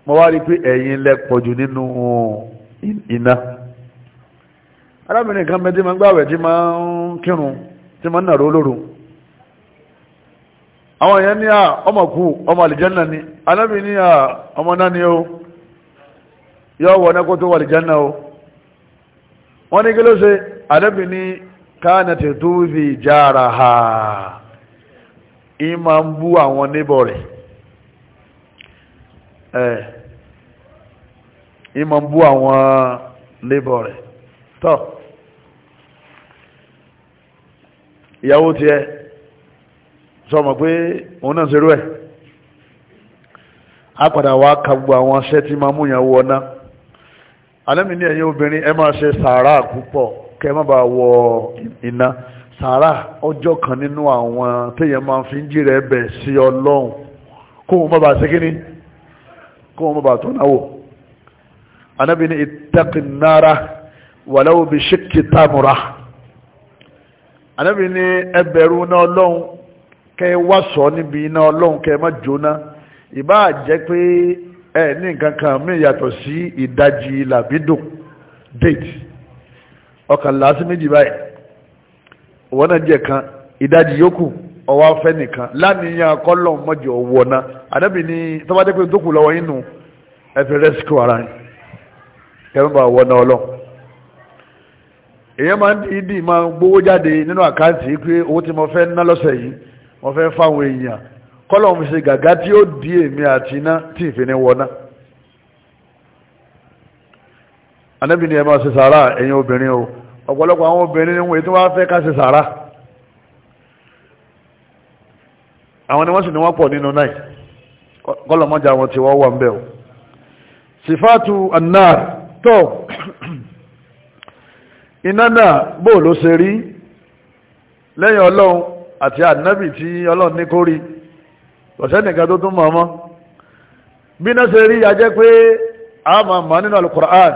mo wá rí i pé ẹ̀yin lẹ pọ̀jù nínú iná arábìnrin kan bẹ tí ma ń gbàwẹ̀ tí ma ń kírun tí ma ń nàró lóru àwọn èèyàn ní à ọmọ kú ọmọ àlìjẹ́nà ni anábì ní à ọmọ náà ni ó. yọ wọ náà tó o wọ́n ní kí ṣe àdẹ́bì ní tó fi jára ha ìmá ń bú àwọn níbọ̀ rẹ̀ ẹ̀ ìmá ń bú àwọn níbọ̀ rẹ̀ tọ́ ìyàwó tiẹ̀ sọmọ pé òun náà ṣerú ẹ̀ padà wá alẹ́mi ní ẹ̀yin obìnrin ẹ máa ṣe sàárà púpọ̀ kẹ́ má bàa wọ iná sàárà ọjọ́ kan nínú àwọn téèyàn máa fi ń jìrẹ̀ bẹ̀ sí ọlọ́run kó wọn má bàa ṣe kíní kó wọn má bàa tó náwó anábì ní ìtẹ́kìnnára wàláwò bí ṣíkì támúra ní ẹbẹ̀rù iná ọlọ́run kẹ́ wá sọ níbi iná ọlọ́run kẹ́ má jóná ìbá jẹ́ pé ẹ ní nǹkan kan mí yàtọ̀ sí ìdajì làbídùn date ọkàn láásí méjì báyìí ìwọ náà jẹ kan ìdajì yòókù ọwọ́ afẹ́ nìkan lánìyàn kọ́lọ̀ mọ́jọ wọ̀ náà àdẹ́bì ni tọ́wádé pé dókù lọ́wọ́ yín nù ẹ fi rẹ́síkò ara yín kẹ́mi bá wọ̀ náà lọ. èèyàn máa ń dìídì máa gbowó jáde nínú àkáǹtì pé owó tí mo fẹ́ ná lọ́sẹ̀ yìí mo fẹ́ fáwọn èèyàn kọ́lọ̀ ń ṣe gàgá tí ó di èmi àti iná tí ìfini wọná anábì ni ẹ máa ṣe sàárà ẹ̀yin obìnrin o ọ̀pọ̀lọpọ̀ àwọn obìnrin ni wọ́n èyí tó wá fẹ́ ká ṣe sàárà àwọn ni wọ́n sì ni wọ́n pọ̀ nínú náà kọ́lọ̀ mọ́jà wọn ti wọ́n wà ń bẹ̀ o sifatu annar tó iná náà bóò ṣe rí lẹ́yìn ọlọ́run àti ànábì tí ọlọ́run ní kórìí ọ̀sẹ́nìkan tó tún mọ̀ọ́mọ́ bí náà ṣe rí ajẹ́ pé a máa mọ̀ nínú alukur'an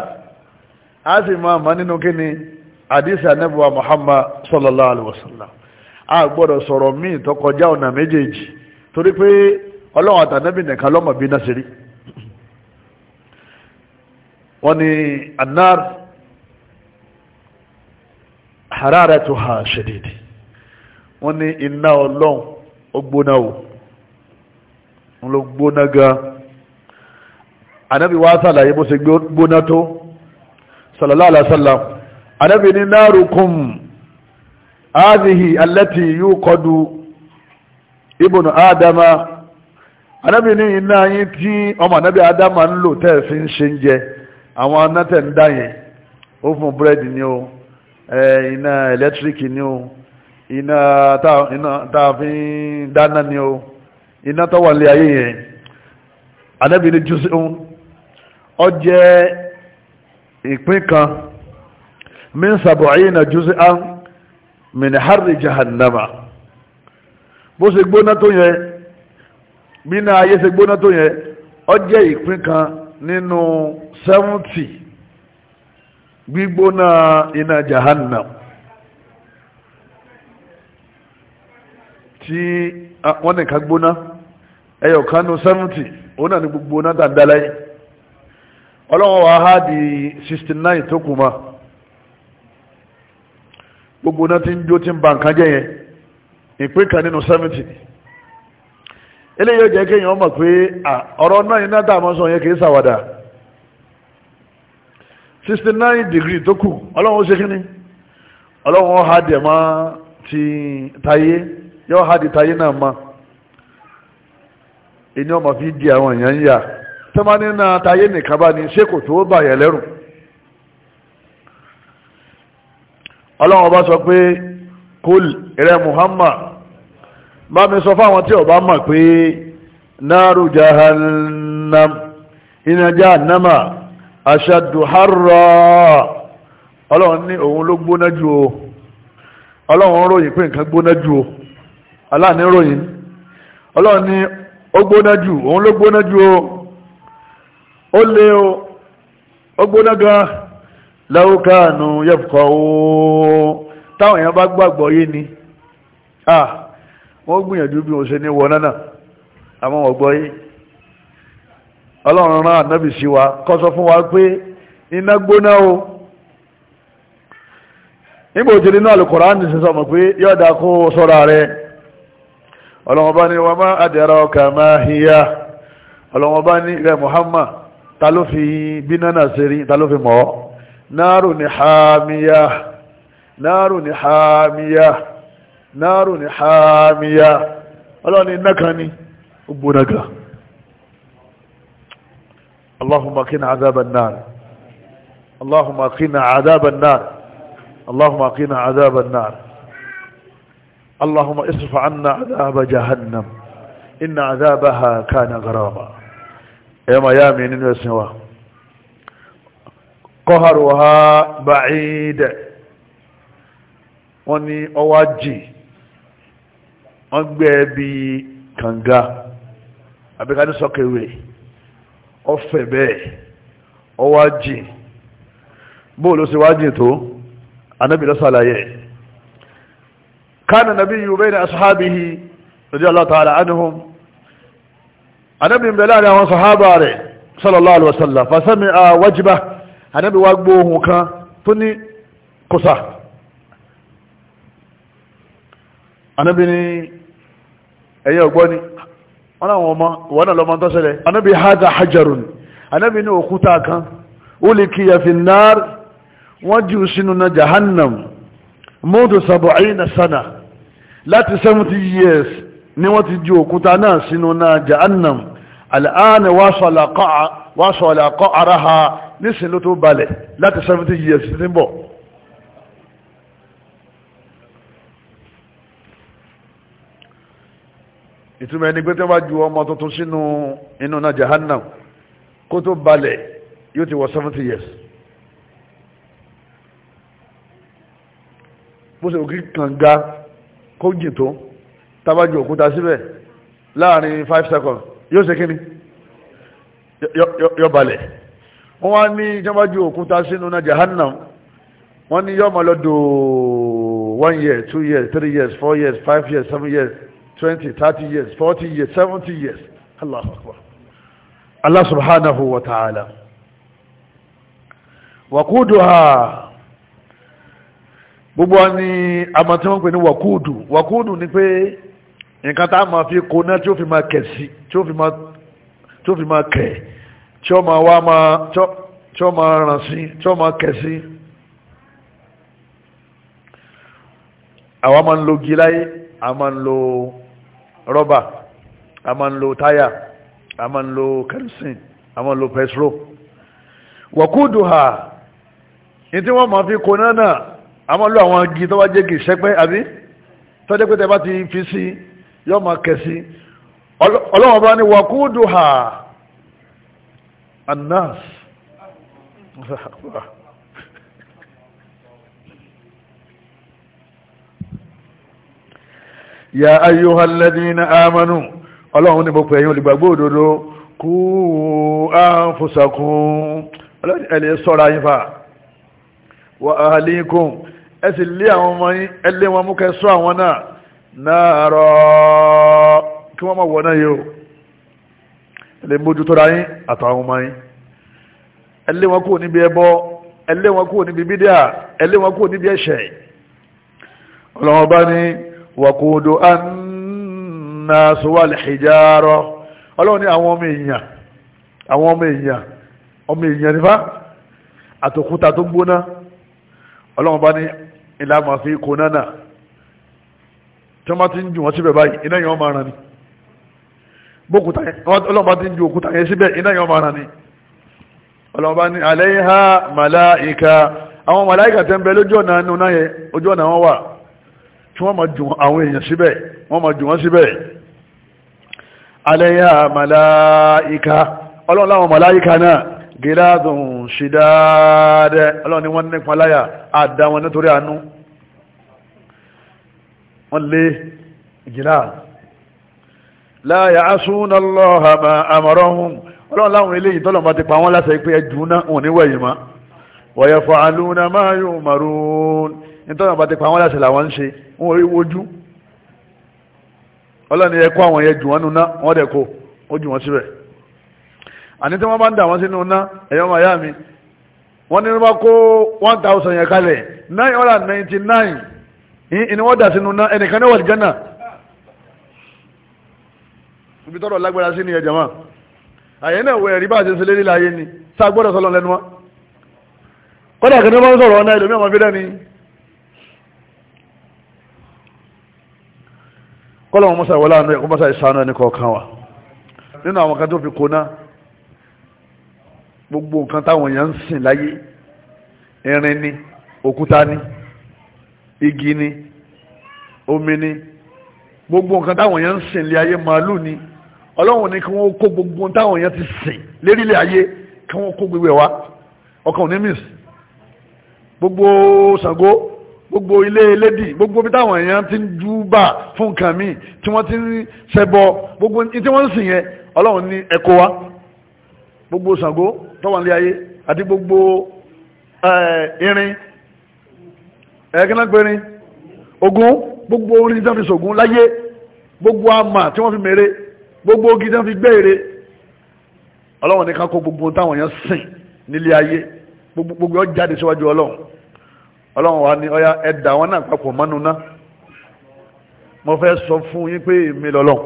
a sì máa mọ̀ nínú kíni àdísì anábíwá muhammad sallallahu alaihi wasallam a gbọ́dọ̀ sọ̀rọ̀ míì tó kọjá ọ̀nà méjèèjì torí pé ọlọ́run àtànábì nìkan ló bí náà ṣe rí ló gbóná gan anábì wá sàlàyé bó ṣe gbóná tó sallallahu alaihi wasallam anábì ní náàrùkún áàzìhì allati yuqadu ibnu adama anábì ní iná yín tí ọmọ anábì adama ń lò tẹ́ẹ̀ fi ń ṣe ń jẹ àwọn anátẹ̀ ń dá yẹn ó fún búrẹ́dì ni ó iná ẹ̀lẹ́tíríkì ni ó iná tá fi dáná ni ó iná tó wà ní ayé yẹn anábì ní jùsùn ọ jẹ́ ìpín kan min sàbọ̀ayínà jùsùn min harri jahannama bó ṣe gbóná tó yẹn bínú ayé ṣe gbóná tó yẹn ọ ìpín kan nínú 70 gbígbóná iná jahannam tí wọ́n nìkan gbóná ẹyọ kan nu seventy òun náà ni gbogbo náà tà láyé ọlọ́wọ́n wa ha di sixty nine ma gbogbo náà ti ń jó ti ń ba nǹkan jẹ́ yẹn ìpín kan nínú seventy eléyìí ó jẹ́ kéèyàn mọ̀ pé ọ̀rọ̀ náà sọ yẹn kì í ṣàwàdà sixty nine degree tó kù ọlọ́wọ́n ó ṣe kí ni ọlọ́wọ́n ó ìní ọmọ fi di àwọn èèyàn ń yà tọ́mọ nínú àtàyé nìkan bá ní ṣé kò tó lẹ́rù sọ pé kúl rẹ Muhammad bá mi sọ fáwọn tí ọba mọ̀ pé náàrú jahannam iná jahannama ashaddu harra ọlọ́run ní òun ló gbóná jù o ọlọ́run ròyìn pé nǹkan gbóná jù o aláàní ròyìn ó gbóná jù òun ló o ó lé o ó gbóná gan láwùkánù yẹ́fùkọ́ táwọn ni ah wọ́n gbìyànjú bí wọ́n ṣe ní wọ náà àwọn ọ̀gbọ́ yé ọlọ́run rán ànábì wa kọ́ sọ fún wa pé iná gbóná o nígbà òjò nínú àlùkòrán ní sísọ mọ̀ pé yọ̀ọ̀dà kó sọ́ra rẹ̀ ọlọ́wọ́bá ní wọ́n máa àdẹ̀rọ ọkà máa hìyà ọlọ́wọ́bá ní ilẹ̀ Muhammad ta ló fi bínà náà ṣe rí ta ló fi mọ́ náàrù ní hàmíyà náàrù ní hàmíyà náàrù ní hàmíyà ọlọ́ni iná kan ní gbónaga Allahumma qina azaban nar Allahumma qina azaban nar اللهم اصرف عنا عذاب جهنم إن عذابها كان غراما أما يا من السوا قهرها بعيد wọ́n ní ọwá jì wọ́n gbẹ́ bí kànga àbíká ní sọ́kẹ̀wé ọ̀fẹ́ bẹ́ẹ̀ ọwá jì bóòlù sí wá jì tó anábìlọ́sàlàyé كان النبي بين أصحابه رضي الله تعالى عنهم النبي من بلاد وصحابه صلى الله عليه وسلم فسمع وجبه النبي وقبوه كان تني قصة النبي أيه أقباني أنا وما وأنا لما انتصل النبي هذا حجر النبي نوخوتا كان أولكي في النار وجو سننا جهنم mọ́tò sàbọ̀ayé na sana láti seventy years ni wọ́n ti ju òkúta náà sínú náà jahannam al'ana wàásù àlàkọ́ ara ha nísìn ló tó balẹ̀ láti seventy years ti bọ̀. ìtumọ̀ ẹni pé tí wọ́n bá ju ọmọ tuntun sínú inú náà jahannam kó tó balẹ̀ yóò ti wọ seventy years. bó ṣe òkè kànga kó jìn tó tábàjù òkúta síbẹ̀ láàrin five seconds yóò ṣe kíni yọ balẹ̀ wọ́n wá ní tábàjù òkúta sínú náà jahannam wọ́n ní yọ́ máa lọ dò one year two years three years four years five years seven years twenty thirty years forty years seventy years Allahu Akbar Allah subhanahu wa ta'ala wakuduha gbogbo wa ni àmọ́ tí wọ́n pè ní wàkúùdù wàkúùdù ni pé nǹkan tá a máa fi koná tí ó fi máa kẹ̀ sí tí ó fi máa tí ó fi kẹ̀ tí ó máa wá máa tí ó máa ràn sí tí ó máa kẹ̀ sí. àwa máa ń lo gi a máa ń lo rọ́bà a máa ń lo táyà a máa ń lo kerosene a máa ń lo pẹtrol wàkúùdù ha ní tí wọ́n máa fi koná náà àmọ́ lọ àwọn igi tó bá jẹ́ kì í sẹ́pẹ́ àbí tọ́jẹ́ pé tẹ bá ti fi sí yọ́ máa kẹ̀ sí ọlọ́wọ́n bá ní wàkúùdù hà anas ya ayyuhal ladina amanu ọlọ́run ní gbogbo ẹ̀yin olùgbàgbọ́ òdodo kú anfusakum ọlọ́run ẹ̀lẹ́ wa ahlikum ẹ sì lé àwọn ọmọ yín ẹ lé wọn mú kẹ́ ṣọ́ àwọn náà náàrọ̀ kí wọ́n má wọ̀ náà yìí o ẹ lè mójú tó ra yín àtàwọn ọmọ yín ẹ lé wọn kúrò níbi ẹbọ ẹ lé wọn kúrò níbi bídíà ẹ wọn kúrò níbi ẹ̀ṣẹ̀ ọlọ́wọ́n bá ní wàkúndó annáṣọ́wà lẹ́hìjárọ́ ọlọ́wọ́n ní àwọn ọmọ èèyàn àwọn ọmọ èèyàn ọmọ èèyàn nífà àtòkúta tó gbóná ọlọ́run bá ní ilá máa fi kó náà náà tí wọ́n bá ti ń jù wọ́n síbẹ̀ báyìí iná yẹn máa ràn ní bókúta ọlọ́run bá ti ń ju òkúta yẹn síbẹ̀ iná yẹn máa ràn ní ọlọ́run bá ní alayha màláìka àwọn màláìka tẹ́ ń bẹ lójú ọ̀nà inú náà yẹn ojú ọ̀nà wọn wà tí wọ́n máa jù àwọn èèyàn síbẹ̀ wọ́n máa jù wọ́n síbẹ̀ alayha màláìka ọlọ́run láwọn màláìka náà gíláàdùn ṣìdáadẹ́ ọlọ́ni wọ́n ní paláyà àdá wọn nítorí àánú wọ́n lé gíláàdù láyà asúnà lọ́ha ma àmọ̀rọ̀hún ọlọ́run láwọn ilé ìtọ́lọ̀ bá ti pa wọ́n láṣẹ pé ẹjùúná wọn níwẹ̀yìn ma wọ̀yẹ̀ fàálùnà máa yóò marun ìtọ́lọ̀ bá ti pa wọ́n láṣẹ làwọn ń ṣe wọ́n rí wojú ọlọ́run àní tí wọ́n bá ń dà wọ́n sínú ná ẹ̀yọ́ màyá mi wọ́n ní wọ́n kó one thousand yẹn kalẹ̀ nine hundred and ninety nine ìní wọ́n dà sínú ná ẹnìkan ní wàlìjẹ́ náà ibi tọ́rọ̀ lágbára sí ni ẹ̀jẹ̀ wọn àyẹ̀ náà wọ ẹ̀rí bá a ṣe ṣe lérí láyé ni sá gbọ́dọ̀ sọ́lọ́ lẹ́nu wa kọ́dà kan ní wọ́n sọ̀rọ̀ ọ̀nà ẹlòmíràn máa àwọn kan tó fi gbogbo nǹkan táwọn èèyàn ń sìn láyé irin ni òkúta ni igi ni omi ni gbogbo nǹkan táwọn èèyàn ń sìn lé ayé màálù ni ọlọ́run ní kí wọ́n kó gbogbo táwọn èèyàn ti sìn lérílẹ̀ ayé kí wọ́n kó gbogbo ẹ̀ wá ọkàn òní mìs gbogbo Ṣàngó gbogbo ilé elédì gbogbo bí táwọn èèyàn ti ń júbà fún nǹkan míì tí wọ́n ti ń ṣẹbọ gbogbo tí wọ́n ń sìn yẹn ọlọ́run ní ẹ̀kọ́ wa gbogbo Ṣàngó tọ́wọ̀n lé ayé àti gbogbo irin ẹ̀ẹ́gẹ́nàgbẹ̀rin ogun gbogbo orin tí wọ́n fi sògùn láyé gbogbo àmà tí wọ́n fi mèrè gbogbo ogi tí wọ́n fi gbèrè ọlọ́wọ̀n ní ká kó gbogbo táwọn èèyàn sìn nílé ayé gbogbo ọ jáde síwájú ọlọ́run ọlọ́run wa ni ọya ẹ̀dà wọn náà papọ̀ mọ́nu ná mo fẹ́ sọ fún yín pé èmi lọ́lọ́run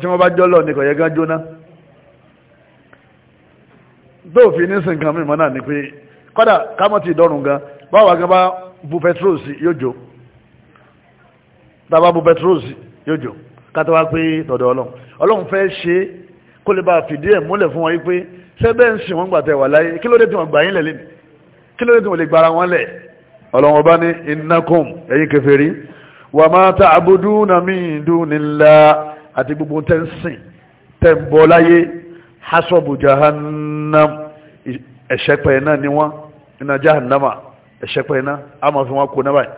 tí wọ́n bá jọ́ lọ ní kò yẹ gán jóná dóòfin ní sin nǹkan mímọ́ náà ni pé kọ́dà kámọ́tì ìdọ́rùn gan báwa gan bá bu pẹtrọ́ọ̀sì yóò jò bàbá bu pẹtrọ́ọ̀sì yóò jò kátó wá pé tọ̀dọ̀ ọlọ́run ọlọ́run fẹ́ ṣe kó lè bá fìdí ẹ̀ múlẹ̀ fún wọn yí pé sẹ́bẹ̀ ń sìn wọ́n gbà tẹ̀ wà láyé kí ló dé tí wọ́n gbà yín lẹ̀ lẹ́nu kí ló dé tí wọ́n lè gbara wọn lẹ̀ ọlọ́run ọba ní innakum ẹ̀yin kèfèrí wà máa ta'buduna min dunillah àti gbogbo tẹ́ ń sìn tẹ́ ń bọ́ láyé hasabu jahannam ẹ̀ṣẹ́ pẹ̀ náà ni wọ́n iná jahannama ẹ̀ṣẹ́ pẹ̀ náà a máa fi wọn kó náà báyìí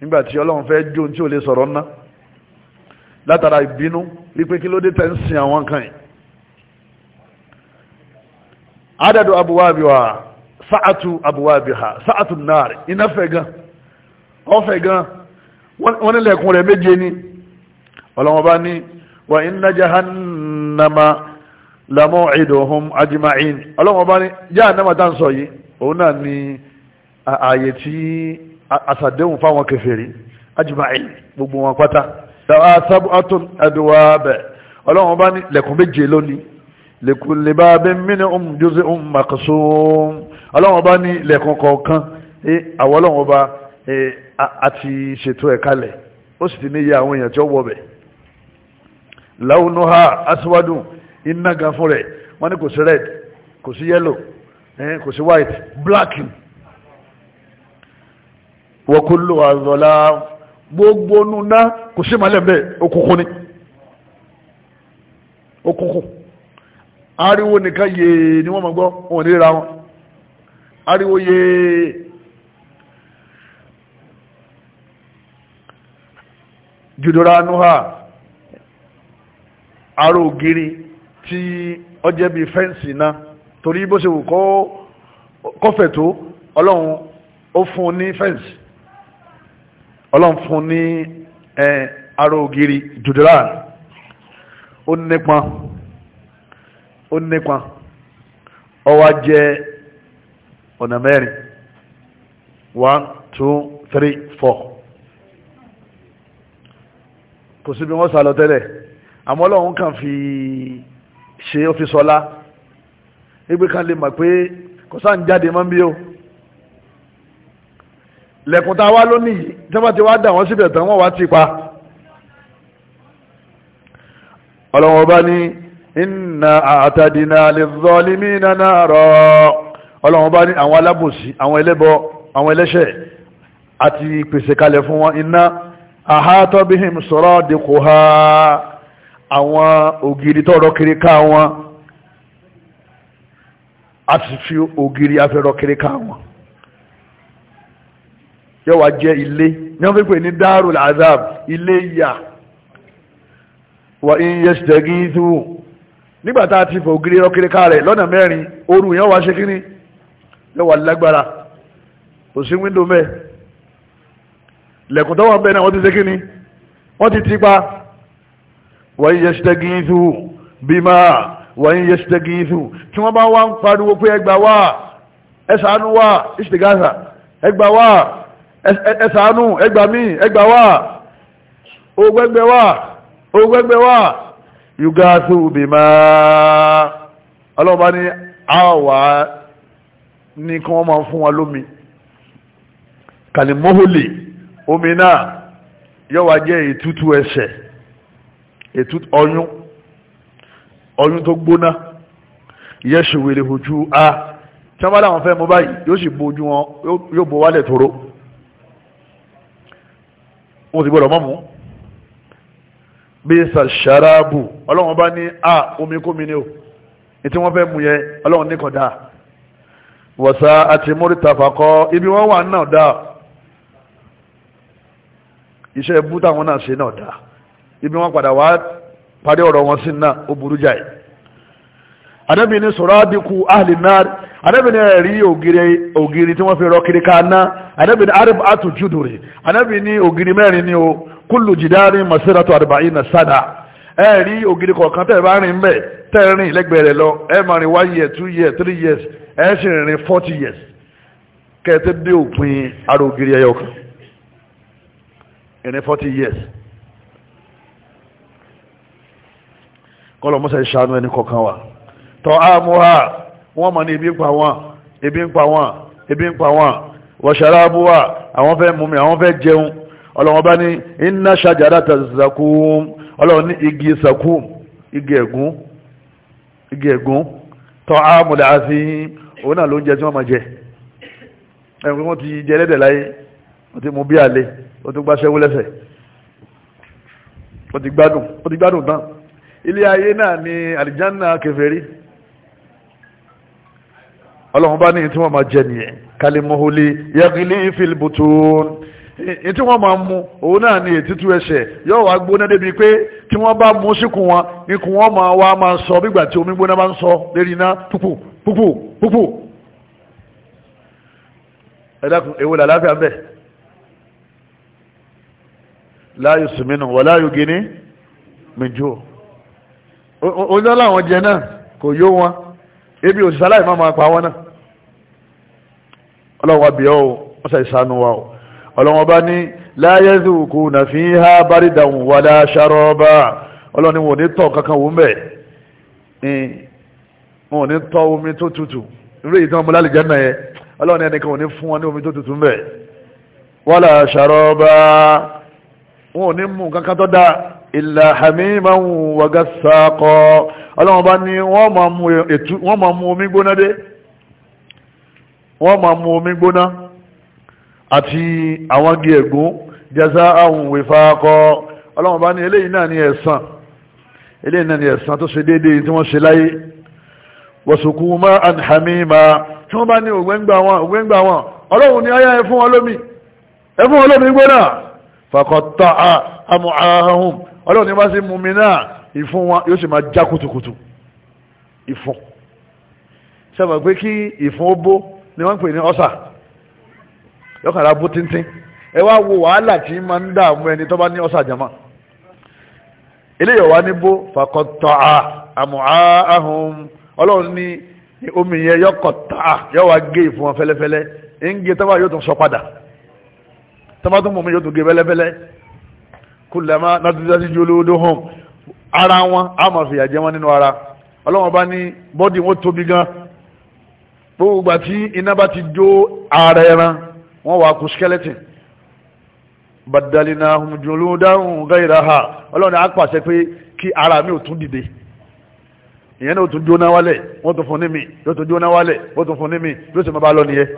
nígbàtí ọlọ́run fẹ́ jó tí ò lè sọ̀rọ̀ ńná látara ìbínú wípé kí ló dé tẹ́ ń sin àwọn kan yìí adadu abuwaabiwa sa'atu abuwaabiha sa'atu naari iná fẹ̀ gan ọfẹ̀ gan wọ́n nílẹ̀kùn rẹ̀ méje ni ọlọ́run bá ní wa inna jahannama lamu'iduhum ajma'in ọlọ́wọ́n bá ní jahannama tá ń sọ yìí òun náà ni ààyè tí àsàdéhùn fáwọn kèfèrí ajma'in gbogbo wọn pátá sab'atun abwab ọlọ́wọ́n bá ní lẹ̀kùn méje lónìí likulli babin minhum juz'un maqsum ọlọ́wọ́n bá ní lẹ̀kùn kọ̀ọ̀kan àwọn ọlọ́wọ́n bá àti ṣètò ẹ̀ kalẹ̀ ó sì ti níyà àwọn èèyàn tí ó wọ̀ bẹ̀ launuha aswadu inna gan fún rẹ̀ wọ́n kò sí red kò sí yellow eh, kò sí white black wa kullu àzọ̀lá gbogbo nuna kò sí màálẹ̀ bẹ́ẹ̀ òkùnkùn ni òkùnkùn ariwo nìkan yèé ni wọ́n mọ̀ gbọ́ wọn ní ra wọn ariwo yèé jùdọ̀ra nuha aró ògiri tí ọjẹ́ bíi fẹ́ǹsì náà torí bó ṣe wù kọ́ kọ́fẹ̀ tó ọlọ́run ó fún un ní fẹ́ǹsì ọlọ́run fún un ní aró ògiri jùdúrà ó nípa ó nípa ọwọ́ jẹ́ ọ̀nà mẹ́rin one two three four kò síbi wọ́n sá lọ tẹ́lẹ̀ àmọ́ ọlọ́run kàn fi ṣe ó fi sọlá ẹgbẹ́ kan lè mọ̀ pé kò sáà ń jáde mọ́ bí o lẹ́kùn tá a wá lónìí tí wọ́n ti wá dà wọ́n síbẹ̀ tán wọ́n wá ti pa ọlọ́run ọba ní inna àtàdínà lè zọ́ ní mí nánà rọ̀ ọlọ́run bá ní àwọn alábòsí àwọn ẹlẹ́bọ àwọn ẹlẹ́ṣẹ̀ àti pèsè kalẹ̀ fún wọn iná àhátọ́ sọ̀rọ̀ dìkò ha àwọn ògiri tọ́rọ kiri ká wọn a ti fi ògiri afẹ́rọ kiri ká wọn yóò wá jẹ́ ilé ní wọ́n fi pè ní darul azab ilé yà wà in yastaghithu nígbàtá ti fò ògiri rọ kiri ká rẹ̀ lọ́nà mẹ́rin oru yẹn wá ṣe kíní yóò wà lágbára kò sí wíńdò mẹ́ lẹ̀kùn tó wà bẹ́ẹ̀ náà wọ́n ti ṣe kíní wọ́n ti tipa wọ́n yẹ́sítẹ́gìísù bímá wọ́n yẹ́sítẹ́gìísù tí wọ́n bá wá ń pariwo pé ẹgbà wá ẹsàánú wá ìṣìgáṣà ẹgbà wá ẹsàánú ẹgbà mí ẹgbà wá ogbẹ́gbẹ́ wá ogbẹ́gbẹ́ omi náà yọ́wà jẹ́ ìtútù ẹsẹ̀ ètú ọyún ọyún tó gbóná yẹ́ṣùwèrè ojú a tí wọ́n bá láwọn fẹ́ mú báyìí yóò sì bo ojú wọn yóò bo wálẹ̀ tóró wọ́n ti gbọ́dọ̀ mọ́ mú bí sàṣàràbù ọlọ́wọ́n bá ní a omi kómi ni o ètí wọ́n fẹ́ mú yẹ ọlọ́wọ́n ní kọ̀dá wọ̀sá àti mórítàfàkọ́ ibi wọ́n wà náà dáa iṣẹ́ bú táwọn náà ṣe náà dáa ibi wọn padà wá parí ọ̀rọ̀ wọn sí náà ó burú jáì anábì ní sọ̀rọ̀dìkù ahli nar anábì ní ẹ̀rí ògiri tí wọ́n fi rọ kiri ká ní arab atu judure anábì ní ògiri mẹ́rin ni o kullu jidari masiratu arba'ina sana ẹ̀rí ògiri kọ̀ọ̀kan tẹ̀ bá rìn bẹ́ẹ̀ tẹ̀ rìn lẹ́gbẹ̀ẹ́ lọ ẹ̀ máa rìn one year two year three years ẹ̀ sì rìn forty years kẹ́ẹ̀tẹ́ dé òpin ara ògiri ẹ̀yọ̀kan ìrìn forty years kọ́lọ̀ mọ́sẹ̀ ṣàánú ẹni kọ̀ọ̀kan wa tọ́ àmúhà wọ́n mọ̀ ní ibi ń pa wọn ibi ń pa wọn ibi ń pa wọn wọ̀ṣàrábúwà àwọn fẹ́ mumi àwọn fẹ́ jẹun ọlọ́wọ́n bá ní iná ṣàjàdàtà zakum ọlọ́wọ́n ní igi zakum igi ẹ̀gún igi ẹ̀gún tọ́ àmúlẹ̀ àti òun náà ló ń jẹ tí wọ́n máa jẹ ẹ̀rùn wọn ti jẹ ẹlẹ́dẹ̀ láyé wọ́n ti mú bí àlè wọ́n ti gbáṣẹ́wó lẹ́sẹ̀ wọ́n ti gbádùn wọ́n ti gbádùn tán ilé ayé náà ni àlìjánà kèfèrí ọlọ́run bá ní tí wọ́n máa jẹ nìyẹn kalimahuli yagili filibutun tí wọ́n máa mu òun náà ni ètùtù ẹsẹ̀ yóò wá gbóná débi pé tí wọ́n bá mu síkùn wọn ikùn wọn máa wá máa sọ bígbà tí omi gbóná bá ń sọ lérí iná púpù púpù púpù ẹ èwo làlàáfíà bẹ́ẹ̀ láyò sùmínú wọ́n gíní mìjú oúnjẹ àwọn jẹ náà kò yó wọn ebi òṣìṣẹ́ aláìmọ́ ma pa wọn náà ọlọ́run bí ọ́ wọ́n sàì wa ọ́ ọlọ́run ọba ní la yazukuna fiha baridan wala sharaba ọlọ́run ni wọ́n ní tọ́ kankan wọ́n bẹ̀ ní tọ́ omi tó tutù irú èyí tí wọ́n náà yẹ ẹnìkan tutù ìlà hamiman wagasakọ ọlọ́wọ́n bá ní wọ́n ma mú omi gbóná dé wọ́n ma mú omi gbóná àti àwọn agi ẹ̀gún jaza'an wifaqọ ọlọ́wọ́n bá ní eléyìí náà ní ẹ̀san eléyìí náà ní ẹ̀san tó ṣe déédéé tí wọ́n ṣe láyé wasukuman hamima tí wọ́n bá ní ògbẹ́ngbà wọn ọlọ́wọ́n ní ayá ẹ fún wọn ẹ fún wọn lómi gbóná faqatta'a am'ahum ọlọ́run ní bá sí mú mi náà ìfun wọn yóò sì máa já kutukutu ìfun sábà pé kí ìfun ó bó ni wọ́n ń pè ní ọ́sà yọkàrà bó tíntín ẹ wá wo wàhálà tí máa ń dààmú ẹni tó bá ní ọ́sà jama eléyìí wá ní bó fàkọ̀tọ̀ àmùhá ahùn ọlọ́run ní omi yẹn yọkọ̀tà yọ wá gé ìfun wọn fẹ́lẹ́fẹ́lẹ́ ń gé tọ́ba yóò tún sọ padà tọ́ba tún mú mi yóò tún gé fẹ́lẹ́fẹ́lẹ́ kullama nadijat juluduhum ara wọn a máa fìyà jẹ wọn nínú ara ọlọ́wọ́n bá ní bọ́dì wọn tóbi gan gbogbo ìgbà tí iná bá ti jó ara ẹran wọ́n wà kú skeleton badalinahum juludan ghayraha ọlọ́run á pàṣẹ pé kí ara mi ò tún dìde ìyẹn náà ó tún jóná wálẹ̀ wọ́n tún fún ní mi yóò tún jóná wálẹ̀ wọ́n tún fún ní mi yóò sì máa bá lọ nìyẹn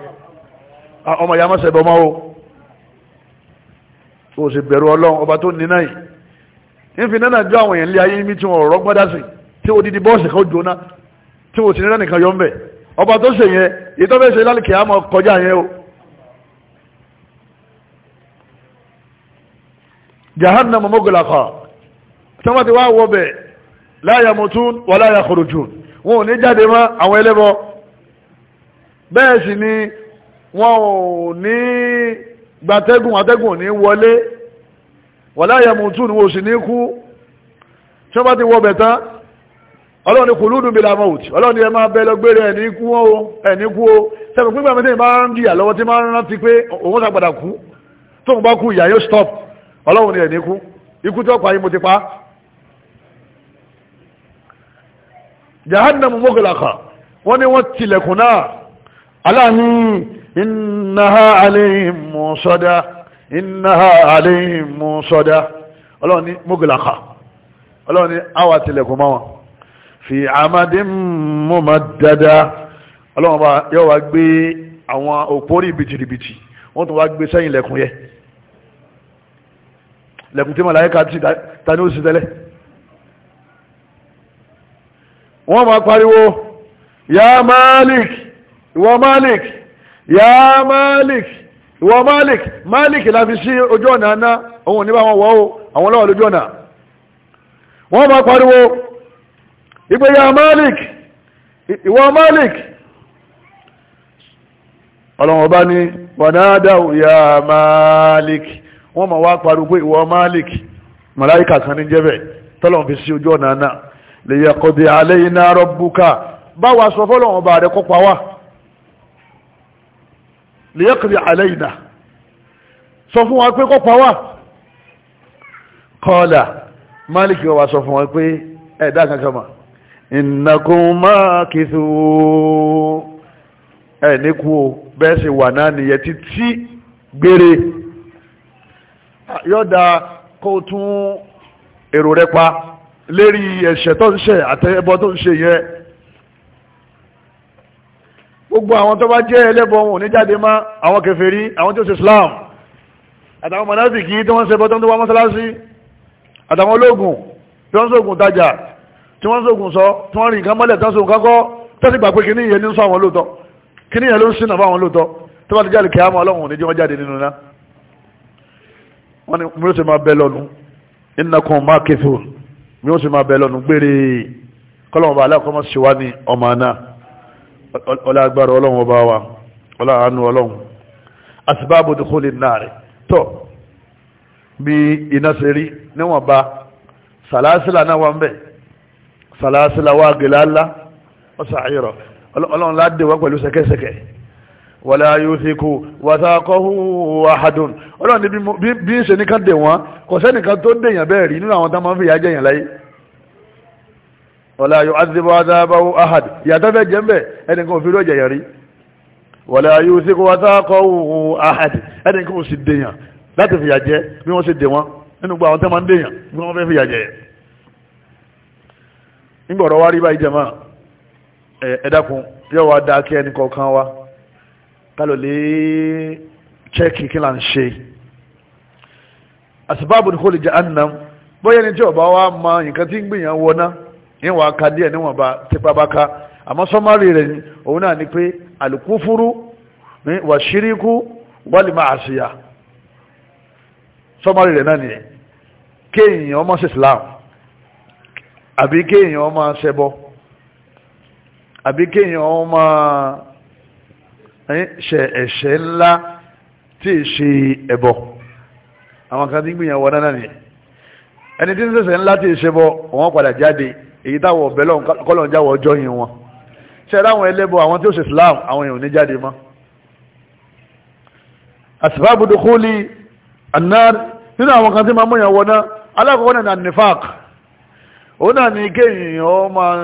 ọmọ ìyá mọ́sẹ̀ bọ́ mọ́ o o sì bẹ̀rù ọlọ́run ọba tó ní náà yìí nfin náà jọ àwọn èèyàn lé ayé mi tí wọn ọ̀rọ̀ gbọ́dá sí tí odidi bọ́ọ̀sì kan jóná tí o sì ní nìkan yọ ń ọba tó ṣe yẹn ìtọ́fẹ́ ṣe lálùkẹ́ àmọ́ kọjá yẹn o. jahannam mọ́gòlákà tí wọ́n ti wá bẹ̀ láyà mọ̀tún wà láyà kòròjù wọn ò ní jáde mọ́ àwọn ẹlẹ́bọ bẹ́ẹ̀ sì ni wọn ò ní gbatẹ́gùn atẹ́gùn ní wọlé wàlá yamutun ni wọ́n sì ní kú tí wọ́n bá ti wọ bẹ̀ tán ọlọ́run ni kuludun bila maut ọlọ́run ni ẹ máa bẹ́ẹ̀ lọ́gbẹ́rẹ́ ẹ̀ní kú ó ẹ̀ní stop ọlọ́run ni ẹ̀ní kú ikú tó pa yín mo ti pa jahannamu innaha alayhim musada innaha alayhim musada ọlọ́run ní mughlaqa ọlọ́run ní àwa tilẹ̀kùn mọ́ wọn fi amadin mumaddada ọlọ́run bá yọ wá gbé àwọn òpórí bìtìrìbìtì wọ́n tún wá gbé sẹ́yìn lẹ̀kùn yẹ lẹ̀kùn tí màláyíká ti ta ní ó sì tẹ́lẹ̀ wọ́n máa pariwo ya malik ìwọ malik ya malik ìwọ malik malik la fi sí ojú ọ̀nà aná òun ní bá wọn wọ́ o àwọn lọ́wọ́ lójú ọ̀nà wọ́n máa pariwo ìpè ya malik ìwọ malik ọlọ́wọ́n bá ní wọ̀nádà ya malik wọ́n máa wá pariwo pé ìwọ malik màláìkà kan ní jẹ́bẹ̀ tọ́lọ̀ fi sí ojú ọ̀nà aná lè yẹ kọ́ bí alẹ́ iná rọ́bùkà báwa sọ fọ́lọ́wọ́n bá rẹ̀ kópa lèyẹ́kìrì àlẹ́yìnà sọ fún wa pé kọ́pàá wà kọ́ọ̀lá máàlìkì wà sọ fún wa pé ẹ̀dá kankama ìnàkùn máa kìtù ẹ̀ níkú bẹ́ẹ̀ sì wà náà nìyẹ títí gbére yọ́dá kó tún èrò rẹ pa lérí ẹ̀ṣẹ̀ tó ń ṣe àtẹ́bọ́ tó ń ṣe yẹn gbogbo àwọn tó bá jẹ́ ẹlẹ́bọ wọn ò ní jáde má àwọn kèfèrí àwọn tó ṣe Islam àtàwọn mọ̀nàfíkì tí wọ́n ṣe bọ́tán tó wá mọ́sálásí àtàwọn ológun tí wọ́n ṣògùn tajà tí wọ́n ṣògùn sọ tí wọ́n rí nǹkan mọ́lẹ̀ tán ṣògùn kákọ́ tó sì gbà pé kíní ìyẹn ní sọ àwọn lóòótọ́ kíní ìyẹn ló ń sínà fáwọn lóòótọ́ tó bá ti jáde kìá mọ́ ọlọ́run ò ní ọlágbára ọlọ́run ọba wa ọláàánú ọlọ́run asibábò tó kó lè náà rẹ̀ tọ́ bí iná ṣe rí níwọ̀n bá sàlásílà náà wà ń bẹ̀ sàlásílà wà gèlè ńlá ọ̀sà àyẹ̀rọ̀ ọlọ́run ládé wá pẹ̀lú ṣẹ̀kẹ̀ṣẹ̀kẹ̀ wàlá yóò fi kú wàtàkọ́hù àhàdùn ọlọ́run bí ń ṣe nìkan dè wọ́n kò sẹ́nìkan tó dèèyàn bẹ́ẹ̀ rí nínú àwọn tá máa ń fi yà láyé wala yu'adhibu adhabahu ahad ìyàtọ̀ bẹ́ẹ̀ jẹ́ ń bẹ̀ ẹnìkan òfin lóòjẹ̀ yẹrí wala yusiku wathaqahu ahad ẹnìkan ò sì dèèyàn láti fìyà jẹ bí wọ́n sì dè wọ́n nínú gbogbo àwọn tẹ́ máa ń dèèyàn bí wọ́n fẹ́ fìyà jẹ nígbà ọ̀rọ̀ wá rí báyìí jẹ́mọ́ ẹ dákun yóò wá dá kí ẹnì kọ̀ọ̀kan wá kálọ̀ lè chẹ́ẹ̀kì kí là ń ṣe asbabul khuldi jahannam bóyá ẹni tí ọba wa mọ nǹkan tí ń gbìyànjú wọná níwọ̀n aka díẹ̀ níwọ̀n bá tipa bá ká àmọ́ rẹ̀ ni òun náà ni pé alukufuru wà ṣíríkú eh, wálé máa ṣìyà sọ́mọ́rì rẹ̀ náà nìyẹn kéèyàn ọmọ sí Islam àbí kéèyàn ọmọ ṣẹbọ àbí kéèyàn ọmọ eh, ṣe ẹ̀ṣẹ̀ ńlá tí ì ṣe ẹbọ àwọn kan tí ń náà nìyẹn ẹni tí ń ṣẹ̀ṣẹ̀ ńlá tí ì ṣẹbọ wọn padà jáde èyí táwọn ọ̀bẹ kọ́lọ̀ ń jáwọ́ ọjọ́ yìí wọn ṣe láwọn ẹlẹ́bọ àwọn tí ó ṣe Islam àwọn èèyàn ní jáde mọ́ asbabu dukhuli annar nínú àwọn kan tí máa múyàn wọná alákọ̀ọ́kọ́ náà nifaq òun náà ni kéèyàn ó máa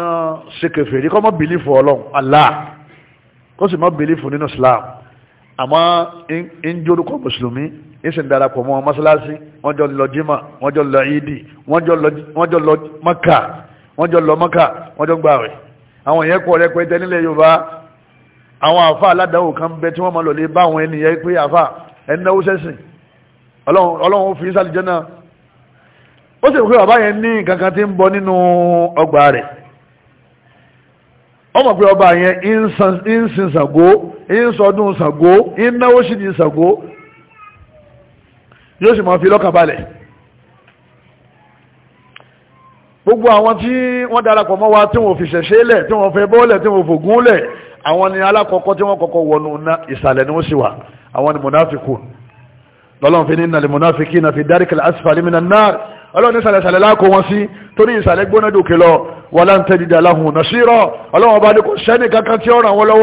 ṣe kèfèrí kọ́ mọ́ bìlífù ọlọ́run Allah kó sì mọ́ bìlífù nínú Islam àmọ́ ń jórúkọ mùsùlùmí ń sì ń darapọ̀ mọ́ mọ́sálásí wọ́n jọ lọ jímà wọ́n jọ lọ ìdí wọ́n jọ lọ Mákà wọ́n jọ lọ mọ́kà wọ́n jọ gbà rẹ̀ àwọn èèyàn pọ̀ rẹ̀ pẹ́tẹ́ nílẹ̀ yorùbá àwọn àfa aládàáwò kan bẹ tí wọ́n máa lọ lè bá àwọn ènìyàn pé àfa ẹnáwó sẹ́sìn ọlọ́run fi sálìjẹ́ náà ó sì pé bàbá yẹn ní nǹkan tí ń bọ nínú ọgbà rẹ̀ ọmọ pé ọba yẹn ń sin Ṣàngó ń sọdún Ṣàngó ń náwó sídìí Ṣàngó yóò sì máa fi lọ́kàn balẹ̀ gbogbo àwọn tí wọ́n darapọ̀ mọ́ wa tí wọ́n fi ṣẹ̀ṣẹ̀ lẹ̀ tí wọ́n fẹ́ bọ́ọ̀lẹ̀ tí wọ́n fògún lẹ̀ àwọn ni alákọ̀ọ́kọ́ tí wọ́n kọ́kọ́ wọnú ìsàlẹ̀ ni wọ́n sì wà àwọn ni munafiku lọ́lọ́n ní nàlẹ̀ munafiki na fi dárìkìlẹ̀ asfali minan nar ọlọ́run ní ìsàlẹ̀ ìsàlẹ̀ láàkó wọn sí torí ìsàlẹ̀ gbóná dòkè lọ wà láǹtẹ́dìdà láhùn nàṣírọ̀ ọlọ́run bá ní kò sẹ́ni kankan tí ó ràn wọ́n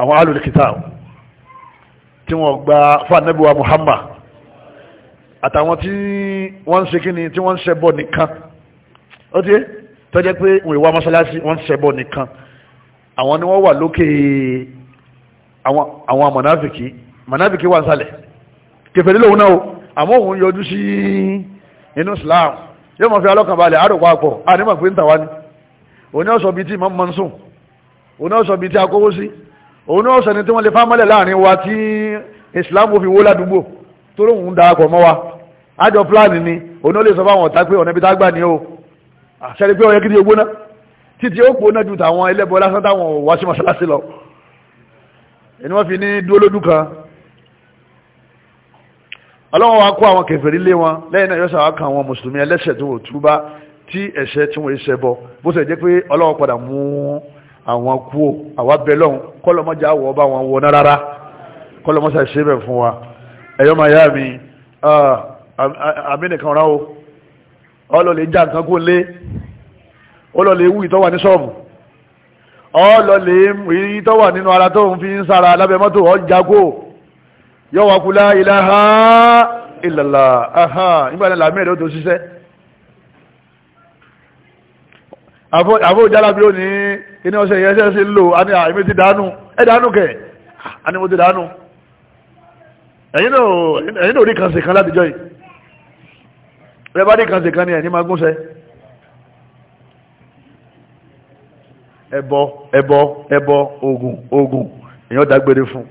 àwọn alùlùkítà tí wọ́n gba fàánẹ́bùwà Muhammad àtàwọn tí wọ́n ń kí ni tí wọ́n ń ṣẹbọ nìkan ó ti tó jẹ́ pé wọ́n ìwà mọ́ṣáláṣí wọ́n ń ṣẹbọ nìkan àwọn ni wọ́n wà lókè àwọn mọ̀náfìkì mọ̀náfìkì wà nsàlẹ̀ kẹfẹ́ nílò òun náà àmọ́ òun yọjú sí inú Islam yóò mọ̀ fi alọ́kànbalẹ̀ àròpọ̀ àpọ̀ ànímọ̀ pé ń tàwa ni òun ni sọ bíi tí Imam Mansur òun ni sọ bíi tí akówó sí òun náà sẹni tí wọ́n lè fámọ́lẹ̀ láàrin wa tí islam fi wó ládùúgbò tó lóun ń darapọ̀ mọ́ wa àjọ plan ni òun náà lè sọ fáwọn ọ̀tá pé ọ̀nà ibi tá gbà ní o àṣẹrí pé ọ̀yẹ́ kí ni ó gbóná títí ó gbóná ju tàwọn ẹlẹ́bọ lásán táwọn wá sí mọ́ṣáláṣí lọ ẹni wọ́n fi ní dúró lójú kan ọlọ́wọ́n wa kó àwọn kẹfẹ̀rí lé wọn lẹ́yìn náà yọ́sà wá àwọn mùsùlùmí ẹlẹ́ṣẹ̀ tó wò túbá tí ẹ̀ṣẹ̀ tí wọ́n ṣẹbọ bó ṣe jẹ́ pé ọlọ́wọ́ padà mú àwọn kúò àwa bẹ̀lọ́n kọ́lọ́mọ́jà wọ́ bá wọn wọ́n rárá kọ́lọ́mọ́sà ṣe bẹ̀ fún wa ẹ̀yọ́ máa yá mi ah, àmínìkan rán o ọlọ́lẹ̀ já nǹkan kó lé ọlọ́lẹ̀ wú ìtọ́wà ní ṣọ́ọ̀bù ọlọ́lẹ̀ ìtọ́wà nínú ara tó ń fi ń sára lábẹ́ mọ́tò ọjàgó yọ́wàkúlá ilaha illallah nígbàdàn làmẹ́rẹ̀ ó tó ṣiṣẹ́ àfọ́ ìjálàbí ó ní kí ni ọṣẹ yẹn ṣe ṣe lò á ní àìmí ah, ti dànù ẹ dànù kẹ á ah, ní mo ti dànù ẹ̀yin náà rí kan ṣe kan látijọ́ yìí rẹ bá rí kan ṣe kan ni ẹ̀yin máa gúnṣẹ́ ẹbọ ẹbọ ẹbọ ogun ogun èèyàn dágbére fún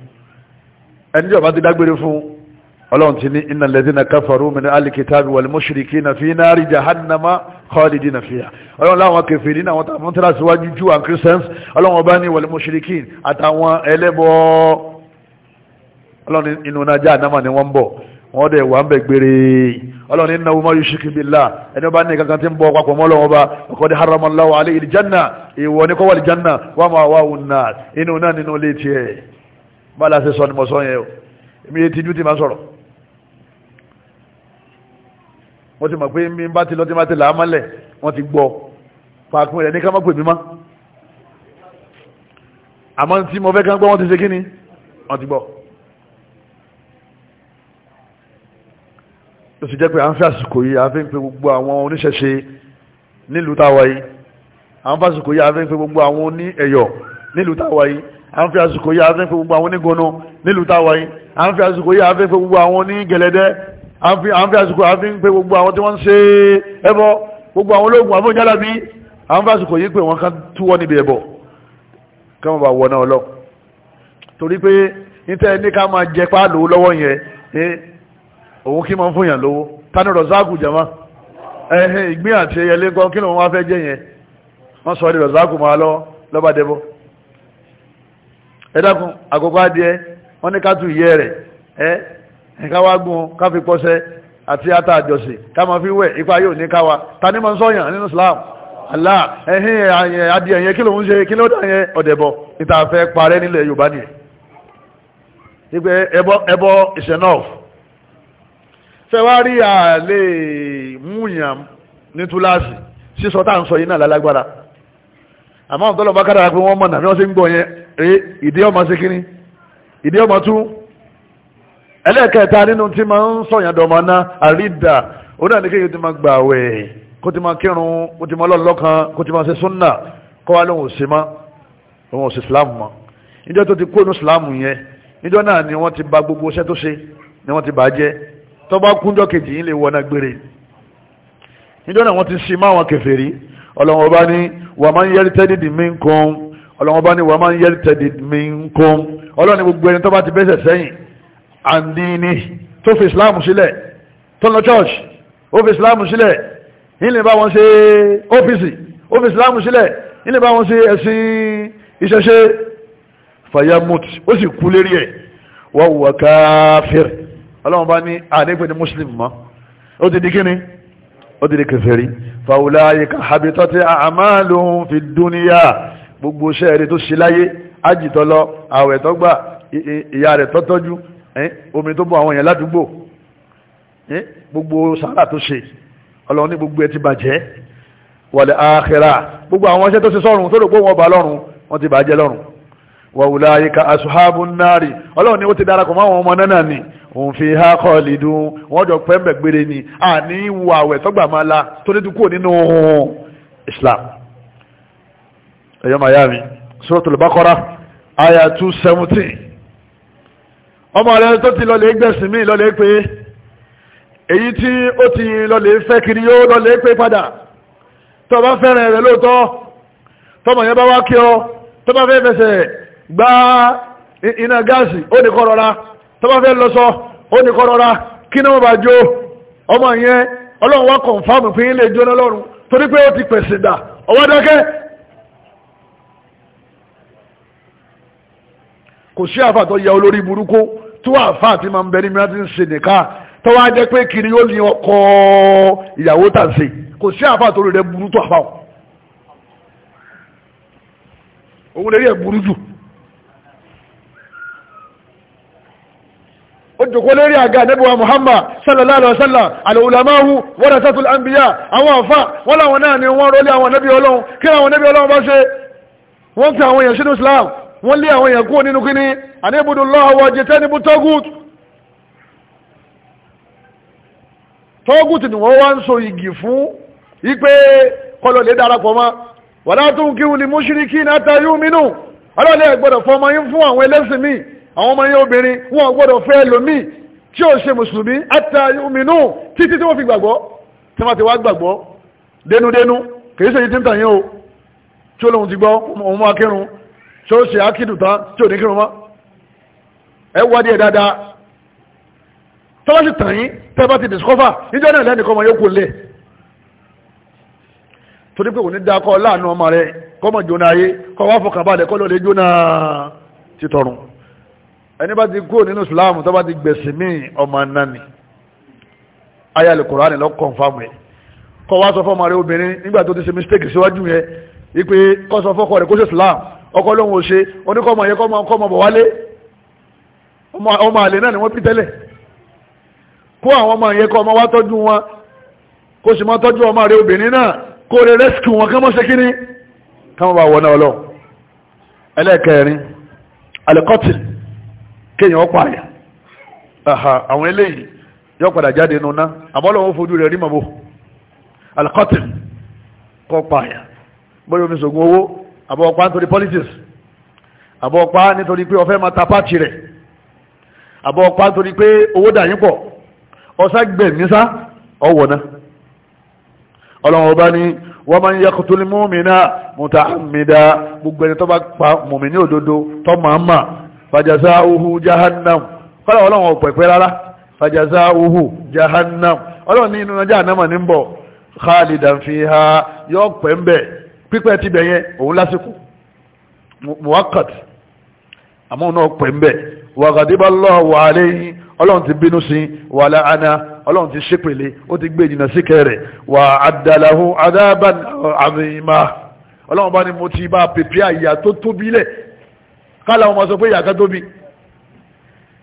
ẹni tí ọba ti dágbére fún ọlọ́run ti ní iná lẹ́dínà káfàrú mi ní alìkìtàbí wà mọ́ṣíríkì na fi náà rí jahannama kọ́ọ̀dìdì na fi hà ọlọ́run láwọn kẹfìrí náà wọ́n ta mọ́ tíra síwájú jù and christians ọlọ́run ọba ní wà mọ́ṣíríkì àtàwọn ẹlẹ́bọ ọlọ́run inú náà jahannama ni wọ́n ń bọ̀ wọ́n dẹ̀ wà ń bẹ̀ gbére ọlọ́run iná wọ́n yóò ṣíkì bí ẹni ọba ní kankan tí ń bọ̀ papọ̀ mọ́ ọlọ́run ọba ọkọ̀ dé haramallahu alayhi janna ìwọ ní kọ́wọ́ janna wà máa wà wùn náà inú náà nínú ilé tiẹ̀ bá a lásìsọ ni mo sọ yẹn o èmi yẹn tijú ti máa sọ̀rọ̀ wọ́n ti mọ̀ pé mi bá ti lọ tí ma ti là á mọ́lẹ̀ wọ́n ti gbọ́ fàákùn rẹ̀ ní ká má mọ́ àmọ́ tí mo fẹ́ kán wọ́n ti ṣe kí ni wọ́n ti gbọ́ ó sì jẹ́ pé à ń fi àsìkò yìí à ń fi ń pe gbogbo àwọn oníṣẹ̀ṣe nílùú táwa yìí à ń fi àsìkò yìí à ń pe gbogbo àwọn oní ẹ̀yọ̀ nílùú táwa yìí à ń fi àsìkò yìí à ń pe gbogbo àwọn onígbónú nílùú táwa yìí à ń fi àsìkò yìí à ń pe gbogbo àwọn onígẹ̀lẹ́dẹ́ àfi àwọn fi àsìkò àfi ń pe gbogbo àwọn tí wọ́n ń ṣe ẹbọ gbogbo àwọn ológun àbọ̀ ìjálá bí àwọn fi àsìkò yìí pé wọ́n kan túwọ́ níbi ẹbọ ká máa bá wọ náà lọ torí pé níta ẹni ká máa jẹ páàlù lọ́wọ́ yẹn ní òun kí máa ń fòyàn lówó tani rọ̀záàkù jẹ̀mọ́ ẹ̀hìn ìgbín àti ẹyẹlé ńkọ́ kí lóun wá fẹ́ jẹ yẹn wọ́n sọ ní rọ̀záàkù máa lọ lọ́ba dẹbọ ẹ dákun àkókò adìẹ wọ́n ní ká tu ìyẹ́ rẹ̀ ẹ́ nǹkan wá gún ká fi pọ́sẹ́ àti ata àjọsìn fi wẹ̀ ipa yóò ní káwa ta ni mo ń sọ̀yàn nínú Islam Allah ẹ̀hìn adìẹ yẹn kí ló ń ṣe kí ló dà yẹn ọ̀dẹ̀bọ níta fẹ́ parẹ́ nílẹ̀ Yorùbá nìyẹn wípé ẹbọ ìṣẹ̀nọ́f fẹ́wárí àlè múyàn ní túláàsì sísọ tá à ń sọ yìí náà lálágbára àmọ́ ọ̀tọ́lọ́ bá kára pé wọ́n eh, ìdí ọmọ sí kíní ìdí ọmọ tún ẹlẹ́ẹ̀kẹta nínú tí ma ń sọ̀yàn dọ̀mọ́ ná àrídà ó náà ní kéyìí ti ma gbà wẹ̀ kó ti ma kírun kó ti ma lọ́lọ́kan kó ti ma ṣe súnà kó wá lóhùn sí ma lóhùn sí islam ma níjọ́ tó ti kó inú islam yẹn níjọ́ náà ni wọ́n ti ba gbogbo iṣẹ́ tó ṣe ni wọ́n ti bà á jẹ́ tó bá kúnjọ́ kejì yín lè wọ náà gbére níjọ́ náà wọ́n ti sin máwọn kèfèrí ọlọ́run ọba ní wà máa ń yẹ́rì àndínní tó fi islam sílẹ̀ tó lọ church ó fi islam sílẹ̀ ilẹ̀ bá wọn ṣe ọ́fíìsì ó fi islam sílẹ̀ ilẹ̀ bá wọn ṣe ẹ̀sìn ìṣẹ̀ṣe fayamut ó sì kú lérí ẹ̀ wọ́n wọ káfíìr ọlọ́run bá ní àdégbè ní muslim mọ́ ó ti di kíni ó ti di kèfèrí fàwùláyé kàhábítọ́ ti àmàlùn fi dúníyà gbogbo iṣẹ́ rẹ̀ tó ṣe láyé ájìtọ́lọ àwẹ̀ ìyá rẹ̀ tó Eh? omi tó bọ́ àwọn èèyàn ládùúgbò eh? gbogbo sàárà tó ṣe ọlọ́run ní gbogbo ẹ ti bàjẹ́ wàlẹ̀ àkhírà gbogbo àwọn iṣẹ́ tó ṣe sọ́run tó rò pé wọ́n bá lọ́run wọ́n ti bàjẹ́ lọ́run wàwùlá ayíká asuhabu nari ọlọ́run ni ó ti darapọ̀ mọ́ àwọn ọmọ náà ni òun fi ha khalidun wọ́n jọ pẹ́ mbẹ̀ gbére ni àní ìwà àwẹ̀ tọ́gbà máa la tó ní dúkú nínú Islam ẹ̀yọ́ mayami Suratul Baqarah aya 217 ọmọ rẹ tó ti lọlé gbẹ̀sìn mí lọlé pé èyí tí ó ti lọlé fẹ́ kiri yóò lọlé pé padà tó bá fẹ́ràn rẹ lóòótọ́ tọmọ yẹn bá wá kí ọ tó bá fẹ́ fẹsẹ̀ gbá iná gáàsì ó ní kọ́ rọra tó bá fẹ́ lọ́sọ ó ní kọ́ rọra kí ni wọ́n bá jó ọmọ yẹn ọlọ́run wá kọ̀ǹfàmù fún yín lè jóná lọ́rùn torí pé ó ti pẹ̀sìn dà ọwọ́ kò sí àfà tó ya olórí burúkú tó àfà tí máa ń bẹ ní mìíràn ti ń ṣe nìka tó wá jẹ́ pé kiri ó ní ọkọ ìyàwó tà ń ṣe kò sí àfà tó rí rẹ burú tó àfà o òun lè rí ẹ burú jù ojòkó lérí àga nẹ́bùwa muhammad sallallahu alaihi wasallam alìwùlàmáhù warasatul anbiya àwọn àfá wọ́n láwọn náà ni wọ́n rọ́lé àwọn nẹ́bí ọlọ́run kí àwọn nẹ́bí ọlọ́run bá ṣe wọ́n fi àwọn èèyàn sínú islam wọ́n lé àwọn èèyàn kúrò nínú kíní àníbùdó lọ́wọ́ jẹtẹ́ níbú tọ́gùt tọ́gùt ni wọ́n wá ń so igi fún ipé kọlọ̀ lè darapọ̀ mọ́ wà látún kí wùlì múṣíríkì náà tayú mínú ọlọ́lẹ̀ gbọ́dọ̀ fọ́ ọmọ yín fún àwọn ẹlẹ́sìn míì àwọn ọmọ yín obìnrin wọn gbọ́dọ̀ fẹ́ ẹlòmíì tí ó ṣe mùsùlùmí ń tàn yín o tí ó lóun ti gbọ́ òun akẹ́rùn-ún tí ó ṣe ákìdù tán tí ò ní kírun mọ́ ẹ wádìí ẹ dáadáa tọ́lá sì tàn yín tẹ́ ti dìskọ́fà níjọ́ náà lẹ́nìkan ọmọ yóò kó lẹ̀ torí pé kò ní dákọ́ láàánú ọmọ rẹ kọ́mọ̀ jóná ayé kọ́ wá fọkàn balẹ̀ kọ́ lọ́ọ́ le jóná títọrùn ẹni bá ti kúrò nínú ìsìláàmù tó ti gbẹ̀sìn míì ọmọ nani ayé alukùránì lọ kọ̀nfàmù ẹ̀ kọ́ wá sọ fọ́ ọmọ ọkọ lóhun ò ṣe oníkọ́mọ yẹ kọ́mọ kọ́mọ bọ̀ wálé ọmọ àlè náà ni wọ́n bí tẹ́lẹ̀ kó àwọn ọmọ yẹ kọ́ ọmọ wá tọ́jú wọn kó sì máa tọ́jú ọmọ rẹ obìnrin náà kó rẹ rẹ́sìkì wọn kán mọ́ ṣe kíní káwọn bá wọná ọlọ́ ẹlẹ́ẹ̀kẹrin alẹ́kọ́tì kéèyàn ọ̀pọ̀ àyà àwọn eléyìí yóò padà jáde nuná àbọ́lọ́wọ́ fojú rẹ̀ rí màbò alẹ́kọ́tì kọ́ pààyà bóyá omi sògùn owó àbọ̀ọ̀pá nítorí politics àbọ̀ọ̀pá nítorí pé ọ̀fẹ́ máa ta pàtì rẹ̀ àbọ̀ọ̀pá nítorí pé owó dà yín pọ̀ ọ̀sá gbẹ̀mísá ọ̀wọ̀ná ọlọ́run ọba ni wọ́n máa ń yẹ kùtùlù mọ́mìnà mùtà àmìdá gbogbo ẹni tó bá pa mọ̀mìnì òdodo tó máa ń mà fàjàsá uhu jahannam kọ́lá ọlọ́run ọ̀pẹ̀pẹ̀ rárá fàjàsá uhu jahannam ọlọ́run ní inú ọjà náà mà ní ń bọ̀ khalidan fiha yọ pẹ́ ń bẹ̀ pípẹ́ ti bẹ̀ yẹn òun lásìkò muwakat àmọ́ náà pẹ̀ ń bẹ̀ wàgàdébálọ́ wà lẹ́yìn ọlọ́run ti bínú sí wà láàánà ọlọ́run ti ṣépèlé ó ti gbé ìjìnà sí kẹrẹ̀ wà àdàlàhù adábàn àmìmá ọlọ́run bá ní mo ti bá pèpè àyà tó tóbi lẹ̀ kálá wọn sọ pé ìyà kan tóbi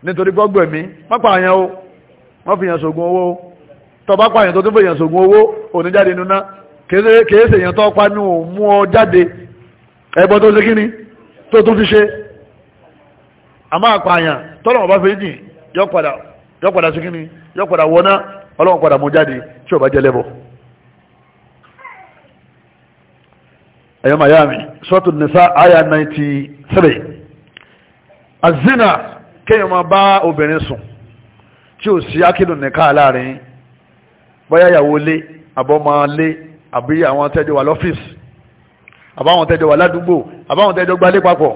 nítorí gbọ́gbẹ̀ mi má pààyàn o wọ́n fi yàn sògùn owó tọ́ bá pààyàn tó tó fi yàn sògùn owó òní jáde nínú náà kèése èyàn tó pa ní òun mú ọ jáde ẹbọ tó ṣe kí ni tó tún fi ṣe a máa pa àyàn tọ́lọ̀ ọba fi jìn yọ́padà sí kí ni yọ́padà wọná ọlọ́run padà mú jáde tí ọba jẹ́ lẹ́bọ̀ ẹ̀yọ́ miami sọ́tù nìsá àyà 93 azina kéèyàn máa bá obìnrin sùn tí ò sí ákìlù nìka láàrin bóyá ìyàwó lé àbọ́mọ lé àbí àwọn tẹ́jọ wà lọ́fíìsì àbáwọn tẹ́jọ wà ládùúgbò àbáwọn tẹ́jọ gbalé papọ̀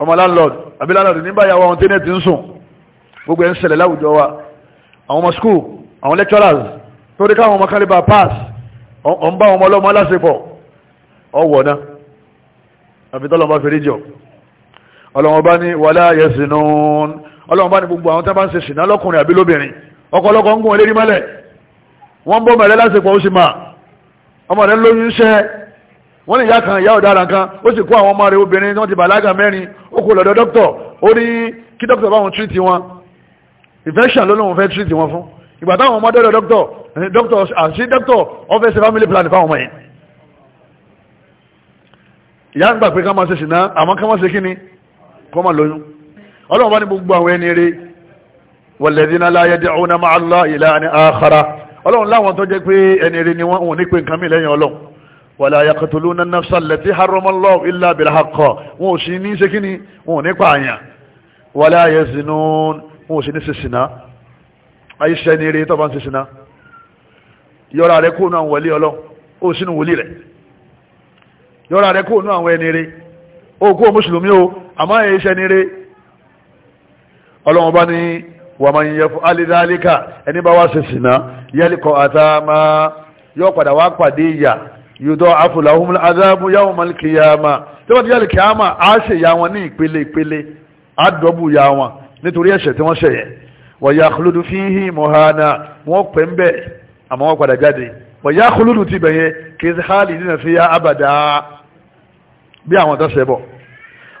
ọmọ landlord àbí landlord nígbàyàwó àwọn tẹ́nẹ̀tì ń sùn gbogbo ẹ̀ ń ṣẹlẹ̀ láwùjọ wa àwọn ọmọ school àwọn lecturers torí káwọn ọmọ kálíbà pass ọ̀ ń bá ọmọ ọlọ́mọ aláṣepọ̀ ọwọ́ náà àfi tọ́lọ́ bá fèrè jọ ọlọ́wọ́n bá ní wàlá yẹsìnú ọlọ́wọ́n bá ní gbogbo àwọn tẹ́ bá ń ṣe ṣìnà lọ́kùnrin àbí lóbìnrin ọkọ̀ ọlọ́kọ̀ ń gún ẹlẹ́rìí mọ́lẹ̀ wọ́n ń bọ́ mẹ́rẹ́ lásìkò ó sì máa ọmọ rẹ lóyún iṣẹ́ wọ́n ní ìyá kan ìyá ọ̀daràn kan ó sì kó àwọn ọmọ rẹ obìnrin tí wọ́n ti bàlágà mẹ́rin ó kò lọ́dọ̀ dókítọ̀ ó ní kí dókítọ̀ báwọn tírìtì wọn infection ló lóun fẹ́ tírìtì wọn fún ìgbà táwọn ọmọ dọ́dọ̀ dókítọ̀ eh, dókítọ̀ àti dókítọ̀ ó family plan fáwọn ọmọ yẹn ìyá ń gbà pé ká ṣe ṣìnà àmọ́ ká ṣe kí ni kó máa lóyún ọlọ́run bá ní gbogbo àwọn ẹni rere walladhina ọlọ́run láwọn tó jẹ́ pé ẹni rí ni wọ́n wọ́n ní pé nǹkan mi lẹ́yìn ọlọ́run wala yaqtuluna nafsa allati harrama Allahu illa bil haqq wọn ò sì ní ṣe kí ni wọn ò ní pààyàn wala yazinun wọn ò sì ní ṣe sìnà ayíṣẹ́ ni rí tọ́ba ń ṣe yọra rẹ kóònù àwọn wẹ̀lí ọlọ́run ó sínú wòlí rẹ̀ yọra rẹ kóònù àwọn ẹni rí ó kó mùsùlùmí o àmọ́ ẹ̀yẹ́ṣẹ́ ni rí ọlọ́run bá ní wà máa ń yẹ fún alidálíkà ẹni bá wá ṣe sìnà yẹ́lìkọ́ àtàmà yóò padà wá pàdé ìyà yùdọ́ afúláhùn ya wọn ní ìpele ìpele á dọ́bù ya wọn nítorí ẹ̀ṣẹ̀ tí wọ́n ṣe yẹn wọ̀yà kúlùdù fi hí mọ̀hánà wọ́n pẹ̀ ń bẹ̀ àmọ́ wọ́n padà jáde wọ̀yà kúlùdù ti bẹ̀yẹ kì í hálì nínú fi bí àwọn tó ṣe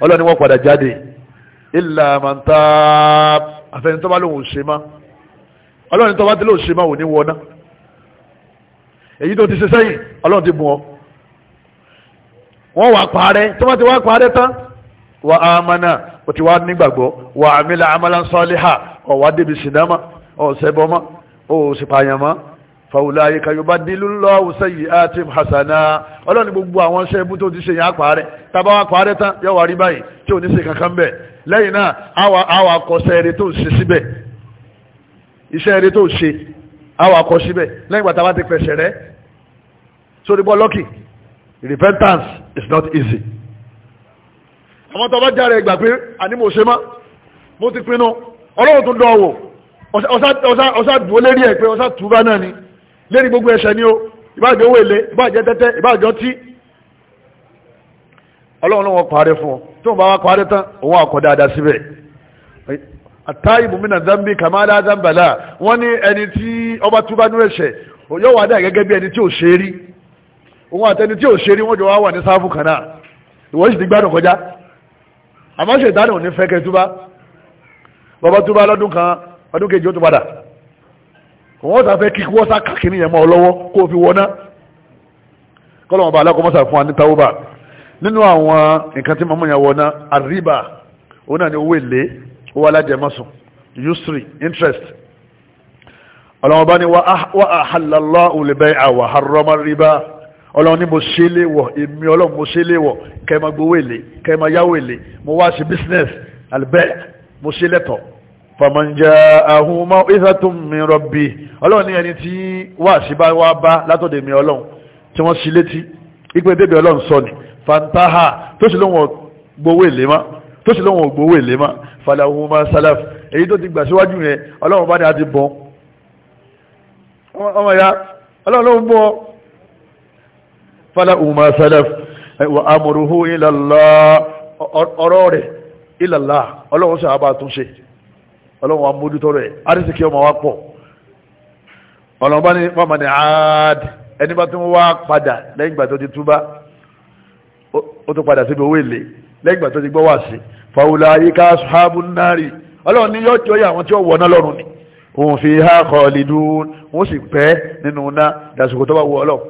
ọlọ́ni wọ́n padà jáde ìlà àfẹ́ni tó bá lóun ò ṣe má ọlọ́run tó bá délé ò ṣe má ò ní wọná èyí tó ti ṣe sẹ́yìn ọlọ́run ti bùn ọ wọ́n wà parẹ́ tó bá ti wá parẹ́ tán wà á mana o ti wá nígbàgbọ́ wà á mílà amalan ọ̀wá débi sinamá ọ̀sẹ̀ bọ́má fàwùláyé kàyọ̀bá dìlúlọ́ òsèyí àti hasana ọlọ́ni gbogbo àwọn iṣẹ́ ibú tó ti ṣe yàn àpàárẹ̀ tàbáwà pàárẹ̀ tán yọ wà rí báyìí tí ò ní ṣe kankan bẹ̀ lẹ́yìn náà àwà akọ̀ṣẹ́ eré tó ṣe síbẹ̀ iṣẹ́ eré tó ṣe àwà akọ̀ síbẹ̀ lẹ́yìn gbàtà bá ti pẹ̀ṣẹ̀ rẹ̀ repentance is not easy àwọn tó bá járe ìgbà pé àní mo ṣe mọ́ mo ti pinnu ọlọ́run tún dán wò ọ̀sá dúró lérí ẹ̀ pé ọ̀sá túbá náà ni lérí gbogbo ẹ̀ṣẹ̀ ni ó ìbáàjẹ́ owó èlé ìbáàjẹ́ tẹ́tẹ́ ìbáàjẹ́ ọtí ọlọ́run lọ́wọ́ parẹ́ fún ọ tí wọ́n bá wá parẹ́ tán òun àkọ́ dáadáa síbẹ̀ àtàìbù mí zambi kàmáàdá zambala wọ́n ní ẹni tí ọba túbá nú ẹ̀ṣẹ̀ yóò wá dà gẹ́gẹ́ bí ẹni tí ò ṣe rí òun àtẹni tí ò ṣe rí wọ́n jọ wá wà ní sáfù kan náà sì ti gbádùn kọjá àmọ́ ṣètánù ò ní fẹ́ kẹtúbá bàbá túbá lọ́dún kan ọdún kejì ó tún padà wọ́n sá fẹ́ kíkú wọ́sá kàkiri yẹn mọ́ ọ lọ́wọ́ kó o fi wọná kọ́lọ́mọ bá alákọ̀ọ́mọ́sà fún wa ní tawúbà nínú àwọn nǹkan tí mọ́mọ́ wọná àríbà òun náà ni owó èlé owó alájẹmọ́sùn usuri interest ọlọ́mọ bá ní wà àhàlálọ́ ah, olùbẹ́ àwà harọ́mọ́ ríbà ọlọ́run ní mo ṣe léwọ̀ èmi ọlọ́run mo ṣe léwọ̀ kẹ́ ẹ máa gbowó èlé kẹ́ yáwó èlé mo wá ṣe business àlùbẹ́ mo ṣe lẹ́tọ̀ọ́ fàmọ́njá ahùnmọ́ ìsàtúnmí rọ̀bì ọlọ́run ní ẹni tí wà sí bá wá bá látọ̀dẹ̀ mi ọlọ́run tí wọ́n sí létí ipe bébè ọlọ́run sọ ni fantaha tó sì lóun gbowó èlé má tó sì lóun gbowó èlé má falahuma salaf èyí tó ti gbà síwájú yẹn ọlọ́run bá ní àti bọ́n ọmọ ya ọlọ́run ló ń bọ́ falahuma salaf wa amuruhu ilallah ọ̀rọ̀ rẹ̀ ilallah ọlọ́run sọ àbá ọlọ́run wa mójútọ́rọ̀ ẹ̀ arísìkí ọmọ wa pọ̀ ọlọ́run bá ní pàmò ní aad ẹni bá tún wá padà lẹ́yìn ìgbà tó ti túbá ó tún padà síbi owó èlé lẹ́yìn tó ti gbọ́ wá sí fàwùlà ayíká ṣáàbù nárì ọlọ́run ní yóò jọyọ̀ àwọn tí ó wọ̀ lọ́rùn ni òun fi há khalidun òun sì pẹ́ nínú ná dàsìkò tó bá wọ ọlọ́run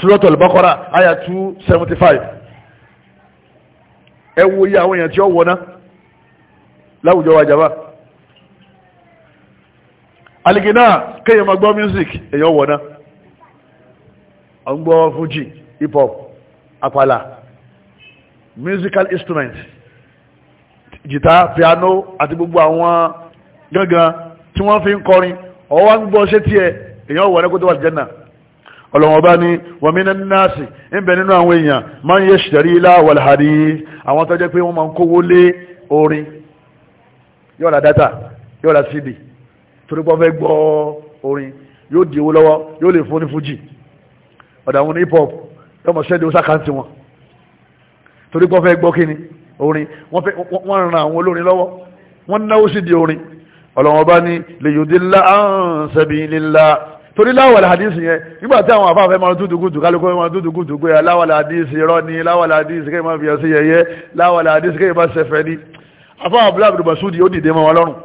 Suratul Baqara àyà 275 ẹ wo iye àwọn èèyàn tí ó wọ̀ láwùjọ wa jàmbá àlìkì náà kéèyàn máa gbọ́ music èyàn wọ̀ náà ó ń gbọ́ fuji hip hop àpàlà musical instrument jìtá piano àti gbogbo àwọn gángan tí wọ́n fi ń kọrin ọwọ́ ń gbọ́ ṣé tiẹ̀ èyàn wọ̀ náà kó tó wà jẹ́nà ọlọ́wọ́n bá ní wọ̀mínà náàsì ń bẹ nínú àwọn èèyàn máa ń yẹ ṣẹ̀rí láwọ̀lá àrí àwọn tó jẹ́ pé wọ́n máa ń kówó lé orin yóò ra dátà yóò ra cd torí pọ́ fẹ́ gbọ́ orin yóò di owó lọ́wọ́ yóò lè fún ní fújì ọ̀dà àwọn hip hop yọmọ sẹ́ni ọ̀sà kan ti wọn torí pọ́ fẹ́ gbọ́ kíni orin wọ́n ran àwọn olórin lọ́wọ́ wọ́n náwó sí di orin ọlọ́wọ́n bá ní lèyòdìlá sabilillah torí láwàlá hadisi yẹn nígbà tí àwọn àfáàfẹ́ máa dúdú gúdù kálukọ́ máa dúdú gúdù pé ah, láwàlá hadisi rọ́ ni láwàlá hadisi kẹ́yìn máa fi ẹ̀sìn yẹyẹ láwàlá hadisi ní àfáà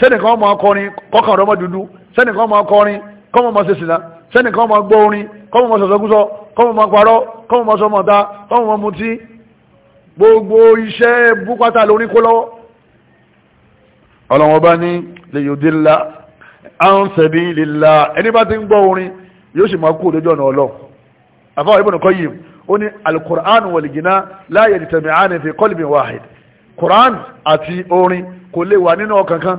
sẹ́nìkan ọmọ akọrin kọ́kàn ọ̀rọ̀ dúdú sẹ́nìkan ọmọ akọrin kọ́mọ ọmọ sẹ̀sìnà sẹ́nìkan ọmọ gbọ́ orin kọ́mọ ọmọ sọ̀sọ́kúsọ kọ́mọ ọmọ parọ́ kọ́mọ ọmọ sọmọta kọ́mọ ọmọ mutí gbogbo iṣẹ́ búkátà lórí kó lọ́wọ́ ọlọ́wọ́n bá ní lèyòdìlá àwọn sẹ̀bí lílá ẹni bá ti ń gbọ́ orin yóò sì máa kú òdójọ́ ọ̀nà ọlọ́ àfáwọ̀ ibùn kọ́ yìí ó ní alukur'an wọ̀lìgínà láàyè ìtẹ̀mìánì fi kọ́lìmì wáhid kur'an àti orin kò lè wà nínú ọkàn kan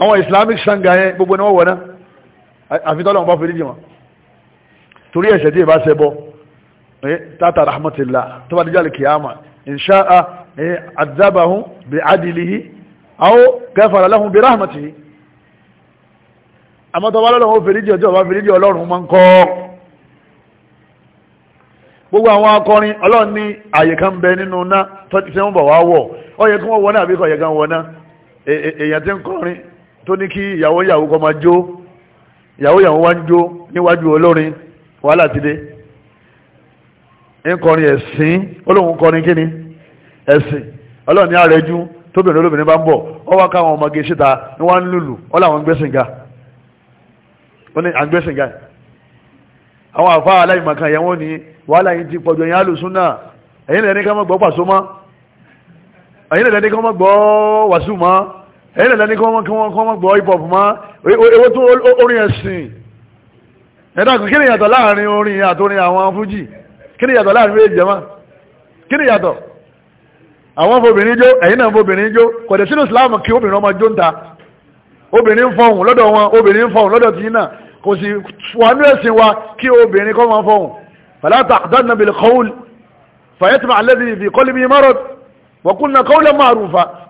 àwọn islamic sanga yẹn gbogbo ni wọ́n wọ̀ náà àfitọ́lọ́wọ́n bá fèrè jìmọ̀ torí ẹ̀ṣẹ̀ tí ìbá ṣẹbọ eh, tata rahmatillah tó bá díjà lè kìyàmà inṣáà àdábàhún bí adìlìhí àwọn kẹfàrà láhùn bí rahmatihi àmọ́tọ́wọ́lọ́wọ́ fèrè jì ọjọ́ bá fèrè jì ọlọ́run máa ń kọ́ gbogbo àwọn akọrin ọlọ́run ní àyè kan bẹ nínú náà tọ́tí tí wọ́n bọ̀ wá wọ̀ ọ yẹ kí wọ́n wọ náà àbíkọ̀ yẹ kan wọ náà e-, e-, èèyàn tí ń kọrin tó ní kí ìyàwó ìyàwó kọ́ máa jó ìyàwó ìyàwó wá ń jó níwájú olórin wàhálà ti dé ń kọrin ẹ̀sìn olóhùn kọrin kíni ẹ̀sìn ọlọ́ọ̀ni àrẹ́jú tóbìnrin olóbìnrin bá ń bọ̀ ọ wá káwọn ọmọge síta ni wọ́n ń lùlù ọ làwọn gbẹ́sìnga ó ní àgbẹ́sìnga àwọn àfa aláìmọ̀kan yẹn wọ́n ní wàhálà yìí ti pọ̀jù ẹ̀yìn alùsùn náà ẹ̀yìn lẹ́ni ká má gbọ́ pàṣọ mọ́ ẹ̀yìn lẹ́ni ká má gbọ́ wàṣù mọ́ ẹ̀yìn lẹ́ni kí wọ́n mọ́ gbọ́ hip-hop mọ́ e, ewó tó orin ẹ̀sìn ẹ̀dàkùn kí ni yàtọ̀ láàrin orin àtorin àwọn fújì kí ni yàtọ̀ láàrin méjì jẹma kí ni yàtọ̀ àwọn fòbìnrin jó ẹ̀yìn náà fòbìnrin jó kọ̀dẹ̀ sínú Islam kí obìnrin ọmọ jó ń ta obìnrin fọhùn lọ́dọ̀ wọn obìnrin fọhùn lọ́dọ̀ tí náà kò sì wọnú ẹ̀sìn wa kí obìnrin kọ́ máa fọhùn fala ta'danna bil qawl fayatma fi qalbi marad wa qulna qawlan ma'rufa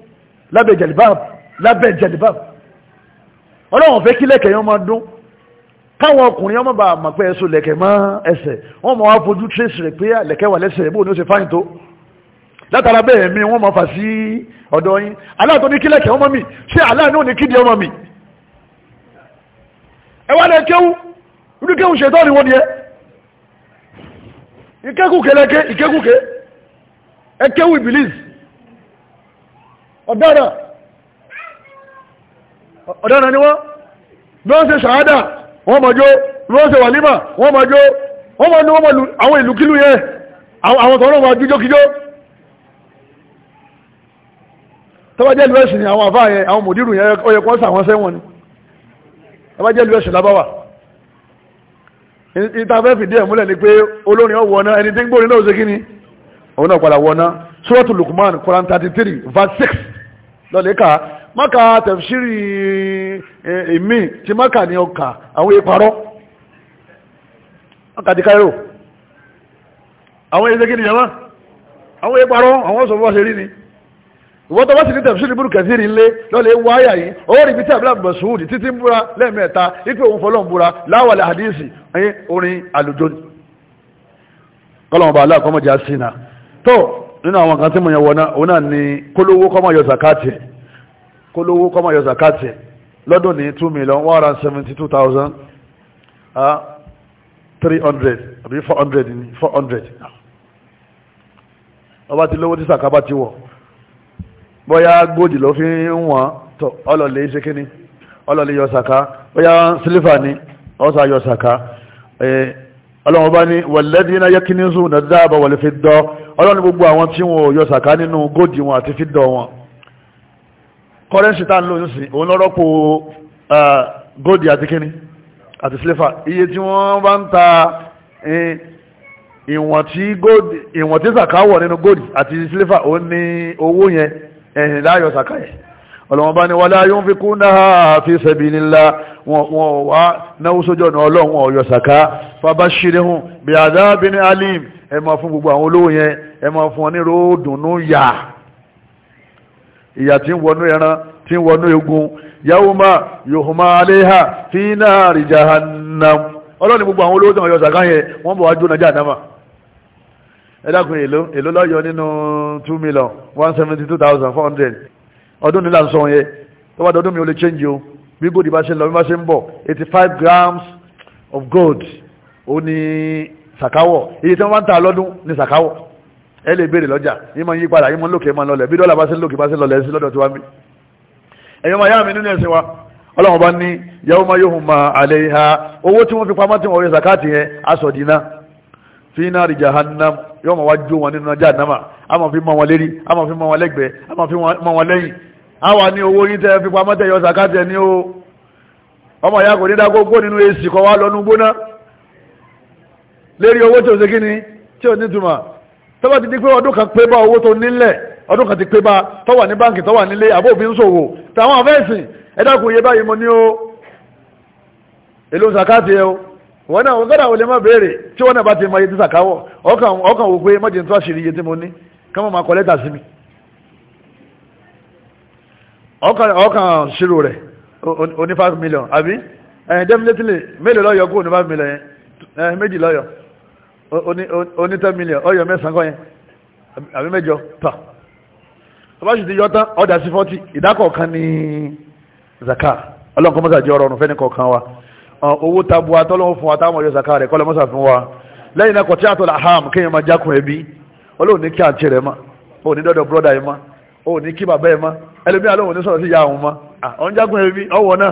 lábẹ́ jẹ̀lìbáàbù lábẹ́ jẹ̀lìbáàbù ọlọ́run fẹ́ kí lẹ́kẹ̀ yẹn máa dún káwọn ọkùnrin ọmọ bá mọ̀ pé ẹ̀sùn lẹ̀kẹ̀ mọ́ ẹsẹ̀ wọ́n mọ̀ wá fojú trace rẹ̀ pé lẹ̀kẹ̀ wà lẹ́sẹ̀ bóun ni ó ṣe fáyìn tó látara bẹ́ẹ̀ mi wọ́n mọ̀ fà sí ọ̀dọ̀ yín aláàtọ̀ ní kí lẹ́kẹ̀ ọmọ mi ṣé aláàánú ní kídi ọmọ mi ẹ wá lẹ́kẹ́wù irú kéwù ṣètọ́ lẹ́kẹ́ ọ̀daràn ọ̀daràn ni wọ́n bí wọ́n ṣe ṣàádà wọ́n mọ̀jó bí wọ́n ṣe wàlímà wọ́n mọ̀jó wọ́n mọ̀ ní wọ́n mọ̀ àwọn ìlú kílù yẹn àwọn tọ́rọ wọn jíjókíjó tọ́bájẹ́ ìlú ẹ̀sìn àwọn àfáà yẹn àwọn mòdírù yẹn ó yẹ kọ́ sàwọn sẹ́wọ̀n ni tọ́bájẹ́ ni pé olórin ọwọ́ ọ̀nà ẹni tí ń gbórin náà ó ṣe kí ni òun náà padà wọ̀ ọ̀nà 33 verse 6 lọ́lẹ́ka mọ́ka tẹ̀fṣírì èmi tí mọ́ka ni ọkà àwọn ìparọ́ mọ́ka di Cairo àwọn ẹ̀ṣẹ́ kí ni jama àwọn ìparọ́ àwọn sọ fọ́sẹ̀ rí ni ìwọ́n tó bá sì ní tẹ̀fṣírì burúkú kẹsí rí lé lọ́lẹ́ wáyà yìí owó rí bíi abúlé Mas'ud títí ń nínú àwọn kan tí mo yẹn wọ̀ná òun náà ni kólówó kọ́mọ̀ yọ zakati kólówó kọ́mọ̀ yọ zakati lọ́dún ní two million one hundred seventy two thousand three hundred àbí four hundred ni four hundred ọba ti lówó tí sàkábà ti wọ̀ bóyá góòdì ló fi ń wọ̀n tó ọlọ́lẹ̀ ṣe kíni ọlọ́lẹ̀ yọ sàká bóyá sílífà ni ọ̀sà yọ sàká eh, ọlọ́wọ́n bá ní walladhina yaknizuna dhahaba wal fidda ọlọ́run gbogbo àwọn tí wọn ò yọ sàká nínú góòdì wọn àti fídọ̀ wọn kọ́rẹ́nsì tá ń lò sí òun lọ́rọ́pò góòdì àti kíní àti sílẹ́fà iye tí wọ́n bá ń ta ìwọ̀n tí sàká wọ̀ nínú góòdì àti sílẹ́fà ó ní owó yẹn ẹ̀yìn láyọ̀ sàká yẹn ọlọ́wọ́n bá ní wala yunfiqunaha fi sabilillah wọn wá náwó sójú ọ̀nà ọlọ́run ọ̀yọ̀ sàká fabashirihum bi'adhabin alim ẹ máa fún gbogbo àwọn olówó yẹn ẹ máa fún wọn ní ròódùnú yà ìyà tí ń wọnú ẹran tí ń wọnú egun yawma yuhma aleha fi nari jahannam ọlọ́ni gbogbo àwọn olówó tí wọ́n yọ sàkán yẹn wọ́n bọ̀ wá jóná jahannama ẹ dákun èlò èlò lọ́yọ̀ nínú two million one seventy two thousand four hundred ọdún nílà ń sọ yẹn tó bá dọdún mi ò lè change o bí gold bá ṣe ń lọ bí bá ṣe ń bọ̀ eighty five grams of gold ó ní sàkáwọ̀ iye tí wọ́n bá ń ta lọ́dún ní sàkáwọ̀ ẹ lè béèrè lọ́jà yín máa ń yí padà yín máa ń lókè máa ń lọlẹ̀ bí dọ́là bá sí lókè bá sí lọlẹ̀ sí lọ́dọ̀ tí wá mi. ẹ̀yọ́ máa yá mi nínú ẹ̀sìn wa ọlọ́run bá ní yàwó máa yóò máa àlẹ́ ha owó tí wọ́n fi pamọ́ tí wọ́n yẹ sàkáàtì yẹn aṣọ dínà fi iná rí jahannam yóò máa wá jó wọn nínú ajá àdámà a máa fi mọ wọn lérí a máa fi mọ wọn lẹ́gbẹ̀ẹ́ a máa fi mọ wọn lẹ́yìn a wà ní owó yín tẹ́ fi pamọ́ tẹ́ yọ sàkáàtì ẹ̀ ní o ọmọ ìyá kò ní dákó gbó nínú èsì kọ wá lọ́nu gbóná lérí owó tí o ṣe ni tí o ní túmọ̀ tó bá ti di pé ọdún kan pé bá owó tó nílẹ̀ ọdún kan ti pé bá tó wà ní báǹkì tó wà nílé àbófin ṣòwò tàwọn afẹ́sìn ẹ iye báyìí mo ní o èlò sàkáàtì ẹ o wọn náà gbọ́dọ̀ àwọn olèmọ̀ béèrè tí wọn náà bá ti mọ iye tí sàkáwọ̀ ọkàn wò pé mọ́jì tó àṣírí iye tí mo ní ká mọ́ máa kọ lẹ́tà sí mi ọkàn ṣírò rẹ̀ oní 5 million àbí ẹ̀ẹ́dẹ́mìlétìlì mélòó lọ́yọ̀ kó oní 5 million ẹ̀ẹ́ méjì lọ́yọ̀ oní ten million ọyọ mẹ́sàn-án kọ́ yẹn àbí mẹ́jọ tà ọlọ́sì ti yọ tán ọ̀dà sí fọ́tì ìdákọ̀ọ̀kan ní zaka ọlọ́run kọ́ mọ́sà jẹ́ ọ̀rọ̀ ọ̀run fẹ́ni kọ̀ọ̀kan wa owó tabua tọ́lọ́run fún wa táwọn ọ̀yọ́ zaka rẹ̀ kọ́lọ́ mọ́sà fún wa lẹ́yìn náà kọ̀tí àtọ̀lá ham kéèyàn máa jákun ẹbí ọlọ́run ní kí àǹtí rẹ̀ ma ó ní dọ́dọ̀ brọ́dà yẹn ma ó ní kí bàbá yẹn ma ẹlòmíà lóhùn ní sọ̀rọ̀ sí ìyá àwọn ma ọ̀n jákun ẹbí ọwọ́ náà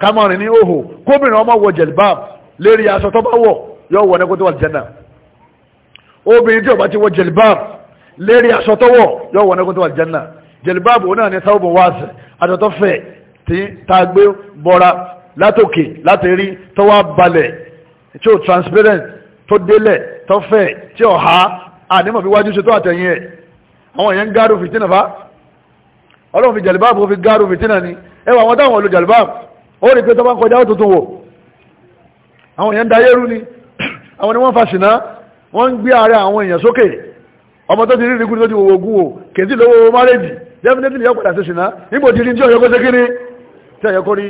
ká máa rìn ní òhò kóbìnrin ọmọ wọ jẹ̀lbáàb lérí aṣọ tó bá wọ̀ yóò wọ ẹnẹ́kó tó wà jẹ́nà obìnrin tí ó bá ti wọ jẹ̀lbáàb lérí aṣọ tó wọ̀ yóò wọ ẹnẹ́kó tó wà jẹ́nà jẹ̀lbáàb òun náà ní sáwọ́bù wáàsì aṣọ tó fẹ̀ tí ta gbé bọ́ra látòkè látẹ̀rí tó wá balẹ̀ tí ó transparent tó délẹ̀ tó fẹ̀ tí ó ha ànímọ̀ fi wájú ṣe tó àtẹ̀yìn ẹ̀ àwọn èèyàn gáàrù fìtínà fa ọlọ́run fi jẹ̀lbáàb fi gáàrù fìtínà ni ẹwà àwọn táwọn olùjẹ̀lbáàb ó rí pé tó bá kọjá ó tuntun wò àwọn èèyàn dayé rú ni àwọn ni wọ́n fa ṣìná wọ́n ń gbé ààrẹ àwọn èèyàn sókè ọmọ tó ti rí ìrìnkú tó ti wòwò gún o kèsì lówó márèjì definitely yọ padà sí nígbò tí rí tí ọ̀yọ́kọ́ sékiri tí ọ̀yọ́kọ́ rí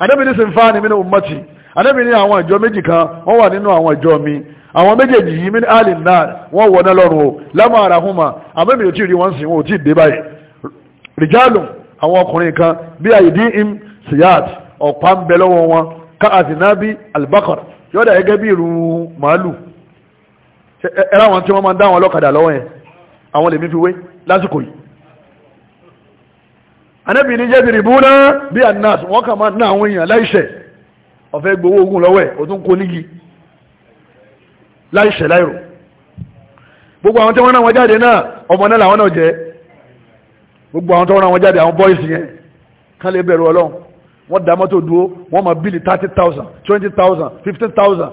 adébí ní sinfa ni mí ní umati adébí ní àwọn ìjọ méjì kan wọ́n wà nínú àwọn ìjọ mi àwọn méjèèjì yìí mí ní alì náà wọ́n wọ̀ náà lọ́rùn o lámà ara hùn mà àmọ́ mi ò tí ì rí wọn sìn wọn ò tí ì dé báyìí rìjálù àwọn ọkùnrin kan bí àyè dín siyat ọ̀pá ń bẹ lọ́wọ́ wọn ká àsìnábí albakar yọ́dà gẹ́gẹ́ bí irú màálù ẹ̀rọ àwọn tí wọ́n máa ń dá àwọn ọlọ́kadà lọ́wọ́ yẹn àwọn lèmi fi wé lásìkò yìí anábì ní jẹ́ bìrìbú náà bí anas wọ́n kà máa ná àwọn èèyàn láìṣẹ̀ ọ̀fẹ́ gbowó ogun lọ́wọ́ ẹ̀ ó tún kó nígi láìṣẹ̀ láìrò gbogbo àwọn tí wọ́n rán wọn jáde náà ọmọ náà làwọn náà jẹ́ gbogbo àwọn tí wọ́n rán wọn jáde àwọn bọ́ìsì yẹn kán bẹ̀rù ọlọ́run wọ́n da mọ́tò dúró wọ́n máa bílì thirty thousand twenty thousand fifteen thousand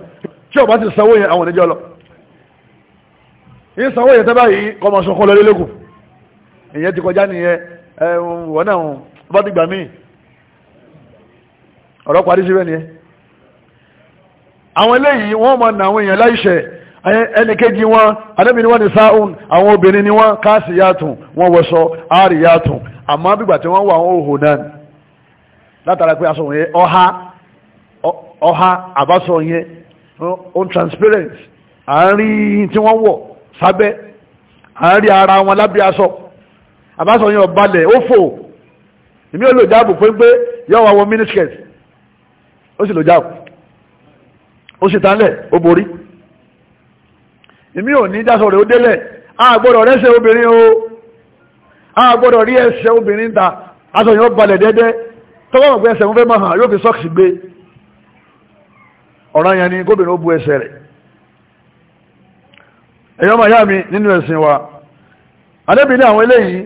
tí o bá ti sanwó yẹn àwọn oníjọ́ lọ yìí sanwó yẹn tẹ́bá yìí kọ́ máa sọkọ́ lọ lélẹ́kù ìyẹn ti kọjá nìyẹn wọ́n náà bá ti gbà míì ọ̀rọ̀ parí síbẹ̀ nìyẹn àwọn eléyìí wọ́n máa nà àwọn èèyàn láìṣẹ̀ ẹnìkejì wọn alẹ́bìnrin wọn ni sáún àwọn obìnrin ni wọn káàsì yàtùn wọn wọṣọ àárì yàtùn àmọ́ bígbà tí wọ́n wà àwọn òhò náà látara pé aṣọ òun ọha ọha àbáṣọ yẹn on transparent àárín tí wọ́n wọ̀ sábẹ́ àárín ara wọn lábẹ́ aṣọ àbáṣọ yẹn ọ̀balẹ̀ ó fò èmi ò lò jáàbù pé pé yọ wà wọ miniskirt ó sì lò jáàbù ó sì tánlẹ̀ ó borí èmi ò ní dáṣọ rẹ̀ ó délẹ̀ àgbọ́dọ̀ rẹ́sẹ̀ obìnrin o àgbọ́dọ̀ rí ẹsẹ̀ obìnrin ta aṣọ yẹn ọ̀balẹ̀ dẹ́dẹ́ tọ́wọ́ mọ̀ ẹsẹ̀ ń fẹ́ máa hàn yóò fi sọ́ọ̀kì gbé ni gómìnà ó bu ẹsẹ̀ rẹ̀ ẹ̀yọ́ yá mi nínú ẹ̀sìn wa àdébì ní àwọn eléyìí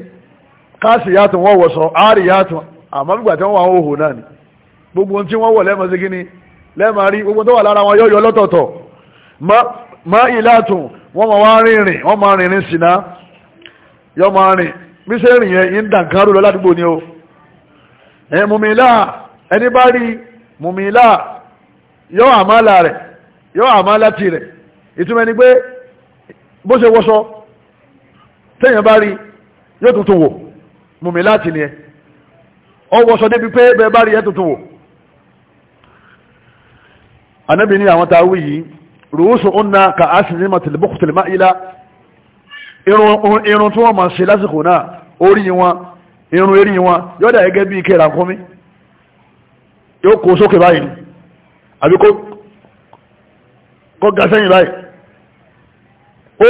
káàsì yàtọ̀ wọ́n wọ̀sọ̀ àárì yàtọ̀ àmọ́ gbígbà tí wọ́n wà ń náà ni gbogbo ohun tí wọ́n wọ̀ lẹ́ẹ̀mọ́ sí kíní lẹ́ẹ̀mọ́ rí gbogbo tó wà lára wọn yọ̀yọ̀ lọ́tọ̀ọ̀tọ̀ má ìlàtùn wọ́n máa wá rìnrìn wọ́n máa rìnrìn sínà yọ́ máa rìn bí sẹ́rìn yẹn ń dàn ni ẹ mùmílà ẹni bá rí mùmílà yọ àmàlà rẹ̀ yọ àmàlà ti rẹ̀ ìtumọ̀ ni pé bó ṣe wọṣọ téèyàn bá rí yóò tuntun wò mùmílà ti ni ẹ ọ wọṣọ débi pé bẹ́ẹ̀ bá rí ẹ tuntun wò anabi ni àwọn tá a wí yìí rùúsù ka a sì ní matilibukutu ilá irun tí wọ́n máa ṣe lásìkò náà orí wọn irun erí wọn yóò dà gẹ́gẹ́ bí ike ràkúnmí yóò kó sókè báyìí ni àbí kó ga sẹ́yìn báyìí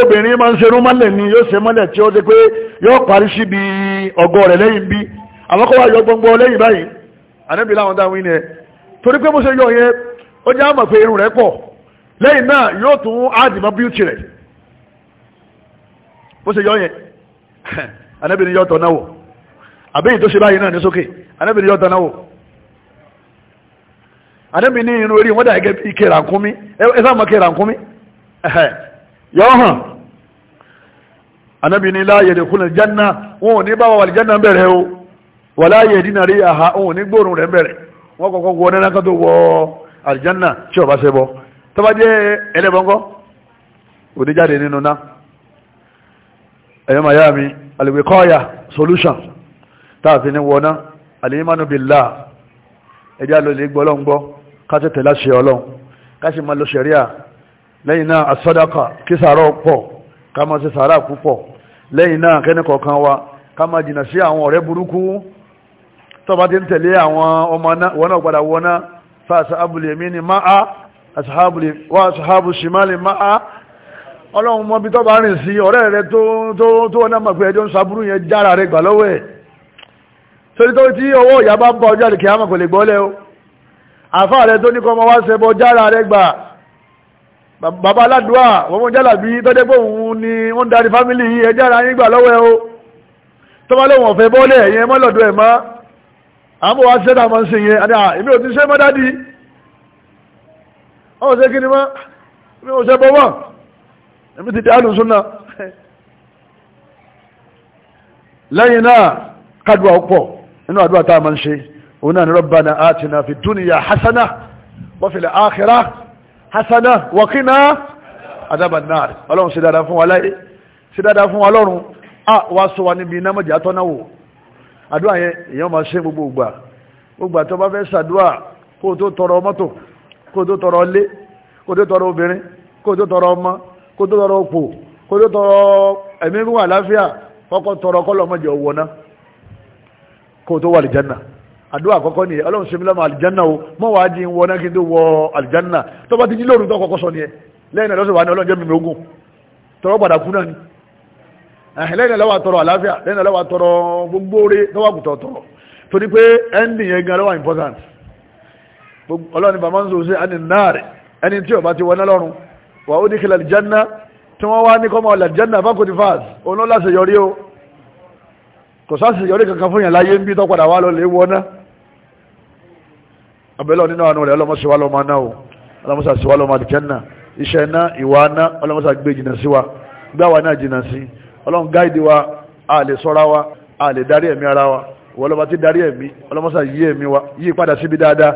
obìnrin ma ń serú mọ́lẹ̀ ni yóò se mọ́lẹ̀ tí ó ṣe pé yóò parí síbi ọgọ́ rẹ̀ lẹ́yìn bí àmọ́kọ́ wá yọ gbọ́ngbọ́ lẹ́yìn báyìí ànábì láwọn dáwọn ilẹ̀ torí pé mo ṣe yọ yẹn ó jẹ́ àmọ̀ pé irun rẹ̀ pọ̀ lẹ́yìn náà yóò tún áàdìmọ́ bíútì rẹ̀ ṣe yọ yẹn ni tọ̀ náà wọ̀ àbẹ́yìn tó ṣe báyìí náà ní sókè anábì ní yọta náà wò anábì ní irun orí wọn dà gẹ́gẹ́ bí kéèrà nkúmi ẹ sáà mọ kéèrà nkúmi yọ hàn anábì ní láàyè lè kúnlẹ̀ jánà wọn ò ní bá wà jánà bẹ̀rẹ̀ o wà láàyè dínà rí àhá wọn ò ní gbóòrùn rẹ̀ bẹ̀rẹ̀ wọn kọ̀kọ́ wọ náà kátó wọ àlìjánà tí ọba ṣe bọ tọ́ba jẹ́ ẹlẹ́bọ̀ngọ́ òdíjáde nínú náà ẹ̀yọ́ màyá mi àlùwẹ̀kọ́ọ̀yà solution táàfin ní wọná alìyímánu billah ẹjá ló lè gbọ́ ọlọ́run gbọ́ káṣẹ́ tẹ̀lá ṣe ọlọ́run káṣẹ́ máa lo ṣẹ̀ríà lẹ́yìn náà asọ́dáka kí sàárọ̀ pọ̀ ká máa ṣe sàárà púpọ̀ lẹ́yìn náà kẹ́ni kọ̀ọ̀kan wa ká máa jìnà sí àwọn ọ̀rẹ́ burúkú tọ́ba ti ń tẹ̀lé àwọn ọmọ padà wọná fa ashabul yamini ma'a wa ashabu shimali ma'a ọlọ́run mọ́bi tọ́ba rìn sí ọ̀rẹ́ rẹ tó tó náà mọ̀ pé ẹjọ́ ń saburú yẹn jára rẹ gbà lọ́wọ́ ẹ̀ torí tó tí ọwọ́ ìyá bá ń bọ̀ ọjọ́ àdìkì àmọ̀ kò lè gbọ́lẹ̀ o àfáà rẹ tó ní kọ́ ọmọ wá ṣe bọ jára rẹ gbà bàbá aládùá wọ́n mú jálà bí tọ́jẹ́ pé ni wọ́n ń darí fámìlì yìí ẹ jára yín gbà lọ́wọ́ ẹ o tó bá lóun ọ̀fẹ́ bọ́lẹ̀ ẹ̀yẹn mọ́ lọ́dọ̀ ẹ̀ mọ́ àmọ́ wá ṣẹ́ lẹ́yìn náà kádùá ó pọ̀ nínú àdúrà tá a máa ń ṣe òun náà ni rabbana atina fi dúnìyà hasana wa fil akhirah hasana wa qina adhaban nar ọlọ́run ṣe dáadáa fún wa láyé ṣe dáadáa fún wa lọ́run a wá sọ wa níbi iná mọ̀jà tọ́nà wò àdúrà yẹn èèyàn máa ṣe gbogbo ògbà gbogbo àtọ́ bá fẹ́ ṣàdúrà kó o tó tọrọ mọ́tò kó o tó tọrọ ilé kó o tó tọrọ obìnrin kó o tó tọrọ ọmọ kó o tó tọrọ òpó kó o tọrọ ẹ̀mí gún àláfíà kó tó wà àlìjánà àdúrà àkọ́kọ́ nìyẹn ọlọ́run ṣe mí lọ́mọ àlìjánà o mọ́ wàá di wọ náà kí n tó wọ àlìjánà tó bá ti jí lóòrùn tó kọ́kọ́ sọ nìyẹn lẹ́yìn lọ́sọ̀ wà ní ọlọ́run jẹ́ mímí ogun tọrọ padà kú náà ni lẹ́yìn náà lọ́wọ́ tọrọ àlàáfíà lẹ́yìn náà lọ́wọ́ tọrọ gbogbo oore lọ́wọ́ kùtọ̀ tọrọ torí important ọlọ́run bàmá ń sọ sí ẹni náà rẹ̀ ẹni tí ó bá ti wọ náà lọ́rùn wà ó kò sáàsì yọrí kankan fún yàn láyé ń bí tọ́padà wá lọ lè wọná abẹ́lẹ̀ nínú àánú rẹ̀ ọlọ́mọsíwá lọ́mọ náà o ọlọ́mọsà síwá lọ́mọ àdìjẹ́nà iṣẹ́ iná ìwà iná ọlọ́mọsà gbé jìnà sí wa gbáwa náà jìnà sí ọlọ́run gáìdì wa a lè sọ́ra wa a lè darí ẹ̀mí ara wa ìwọ́lọ́ba ti darí ẹ̀mí ọlọ́mọsà yí ẹ̀mí wa yí padà síbi dáadáa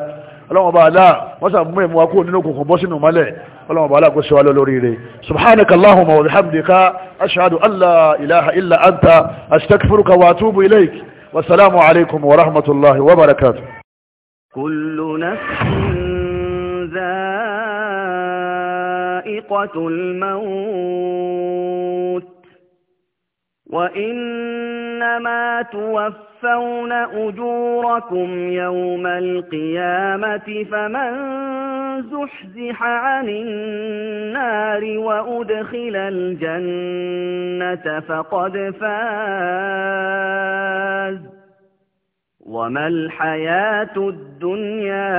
ọlọ́wọ́n bá aláà wọ́n sàmú ẹ̀mú wa kúrò nínú òkùnkùn bọ́ sínú mọ́lẹ̀ ọlọ́wọ́n bá aláà kó ṣe wá lọ lórí rẹ̀ subhanaka allahumma wa bihamdika ashhadu an la ilaha illa anta astaghfiruka wa atubu ilaik wasalaamu alaykum wa rahmatulahi wa barakatuh. kullu nafsin dha'iqatul maut wa innama tuwaff تُوَفَّوْنَ أُجُورَكُمْ يَوْمَ الْقِيَامَةِ فَمَنْ زُحْزِحَ عَنِ النَّارِ وَأُدْخِلَ الْجَنَّةَ فَقَدْ فَازَ وَمَا الْحَيَاةُ الدُّنْيَا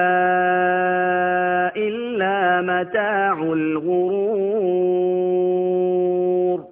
إِلَّا مَتَاعُ الْغُرُورِ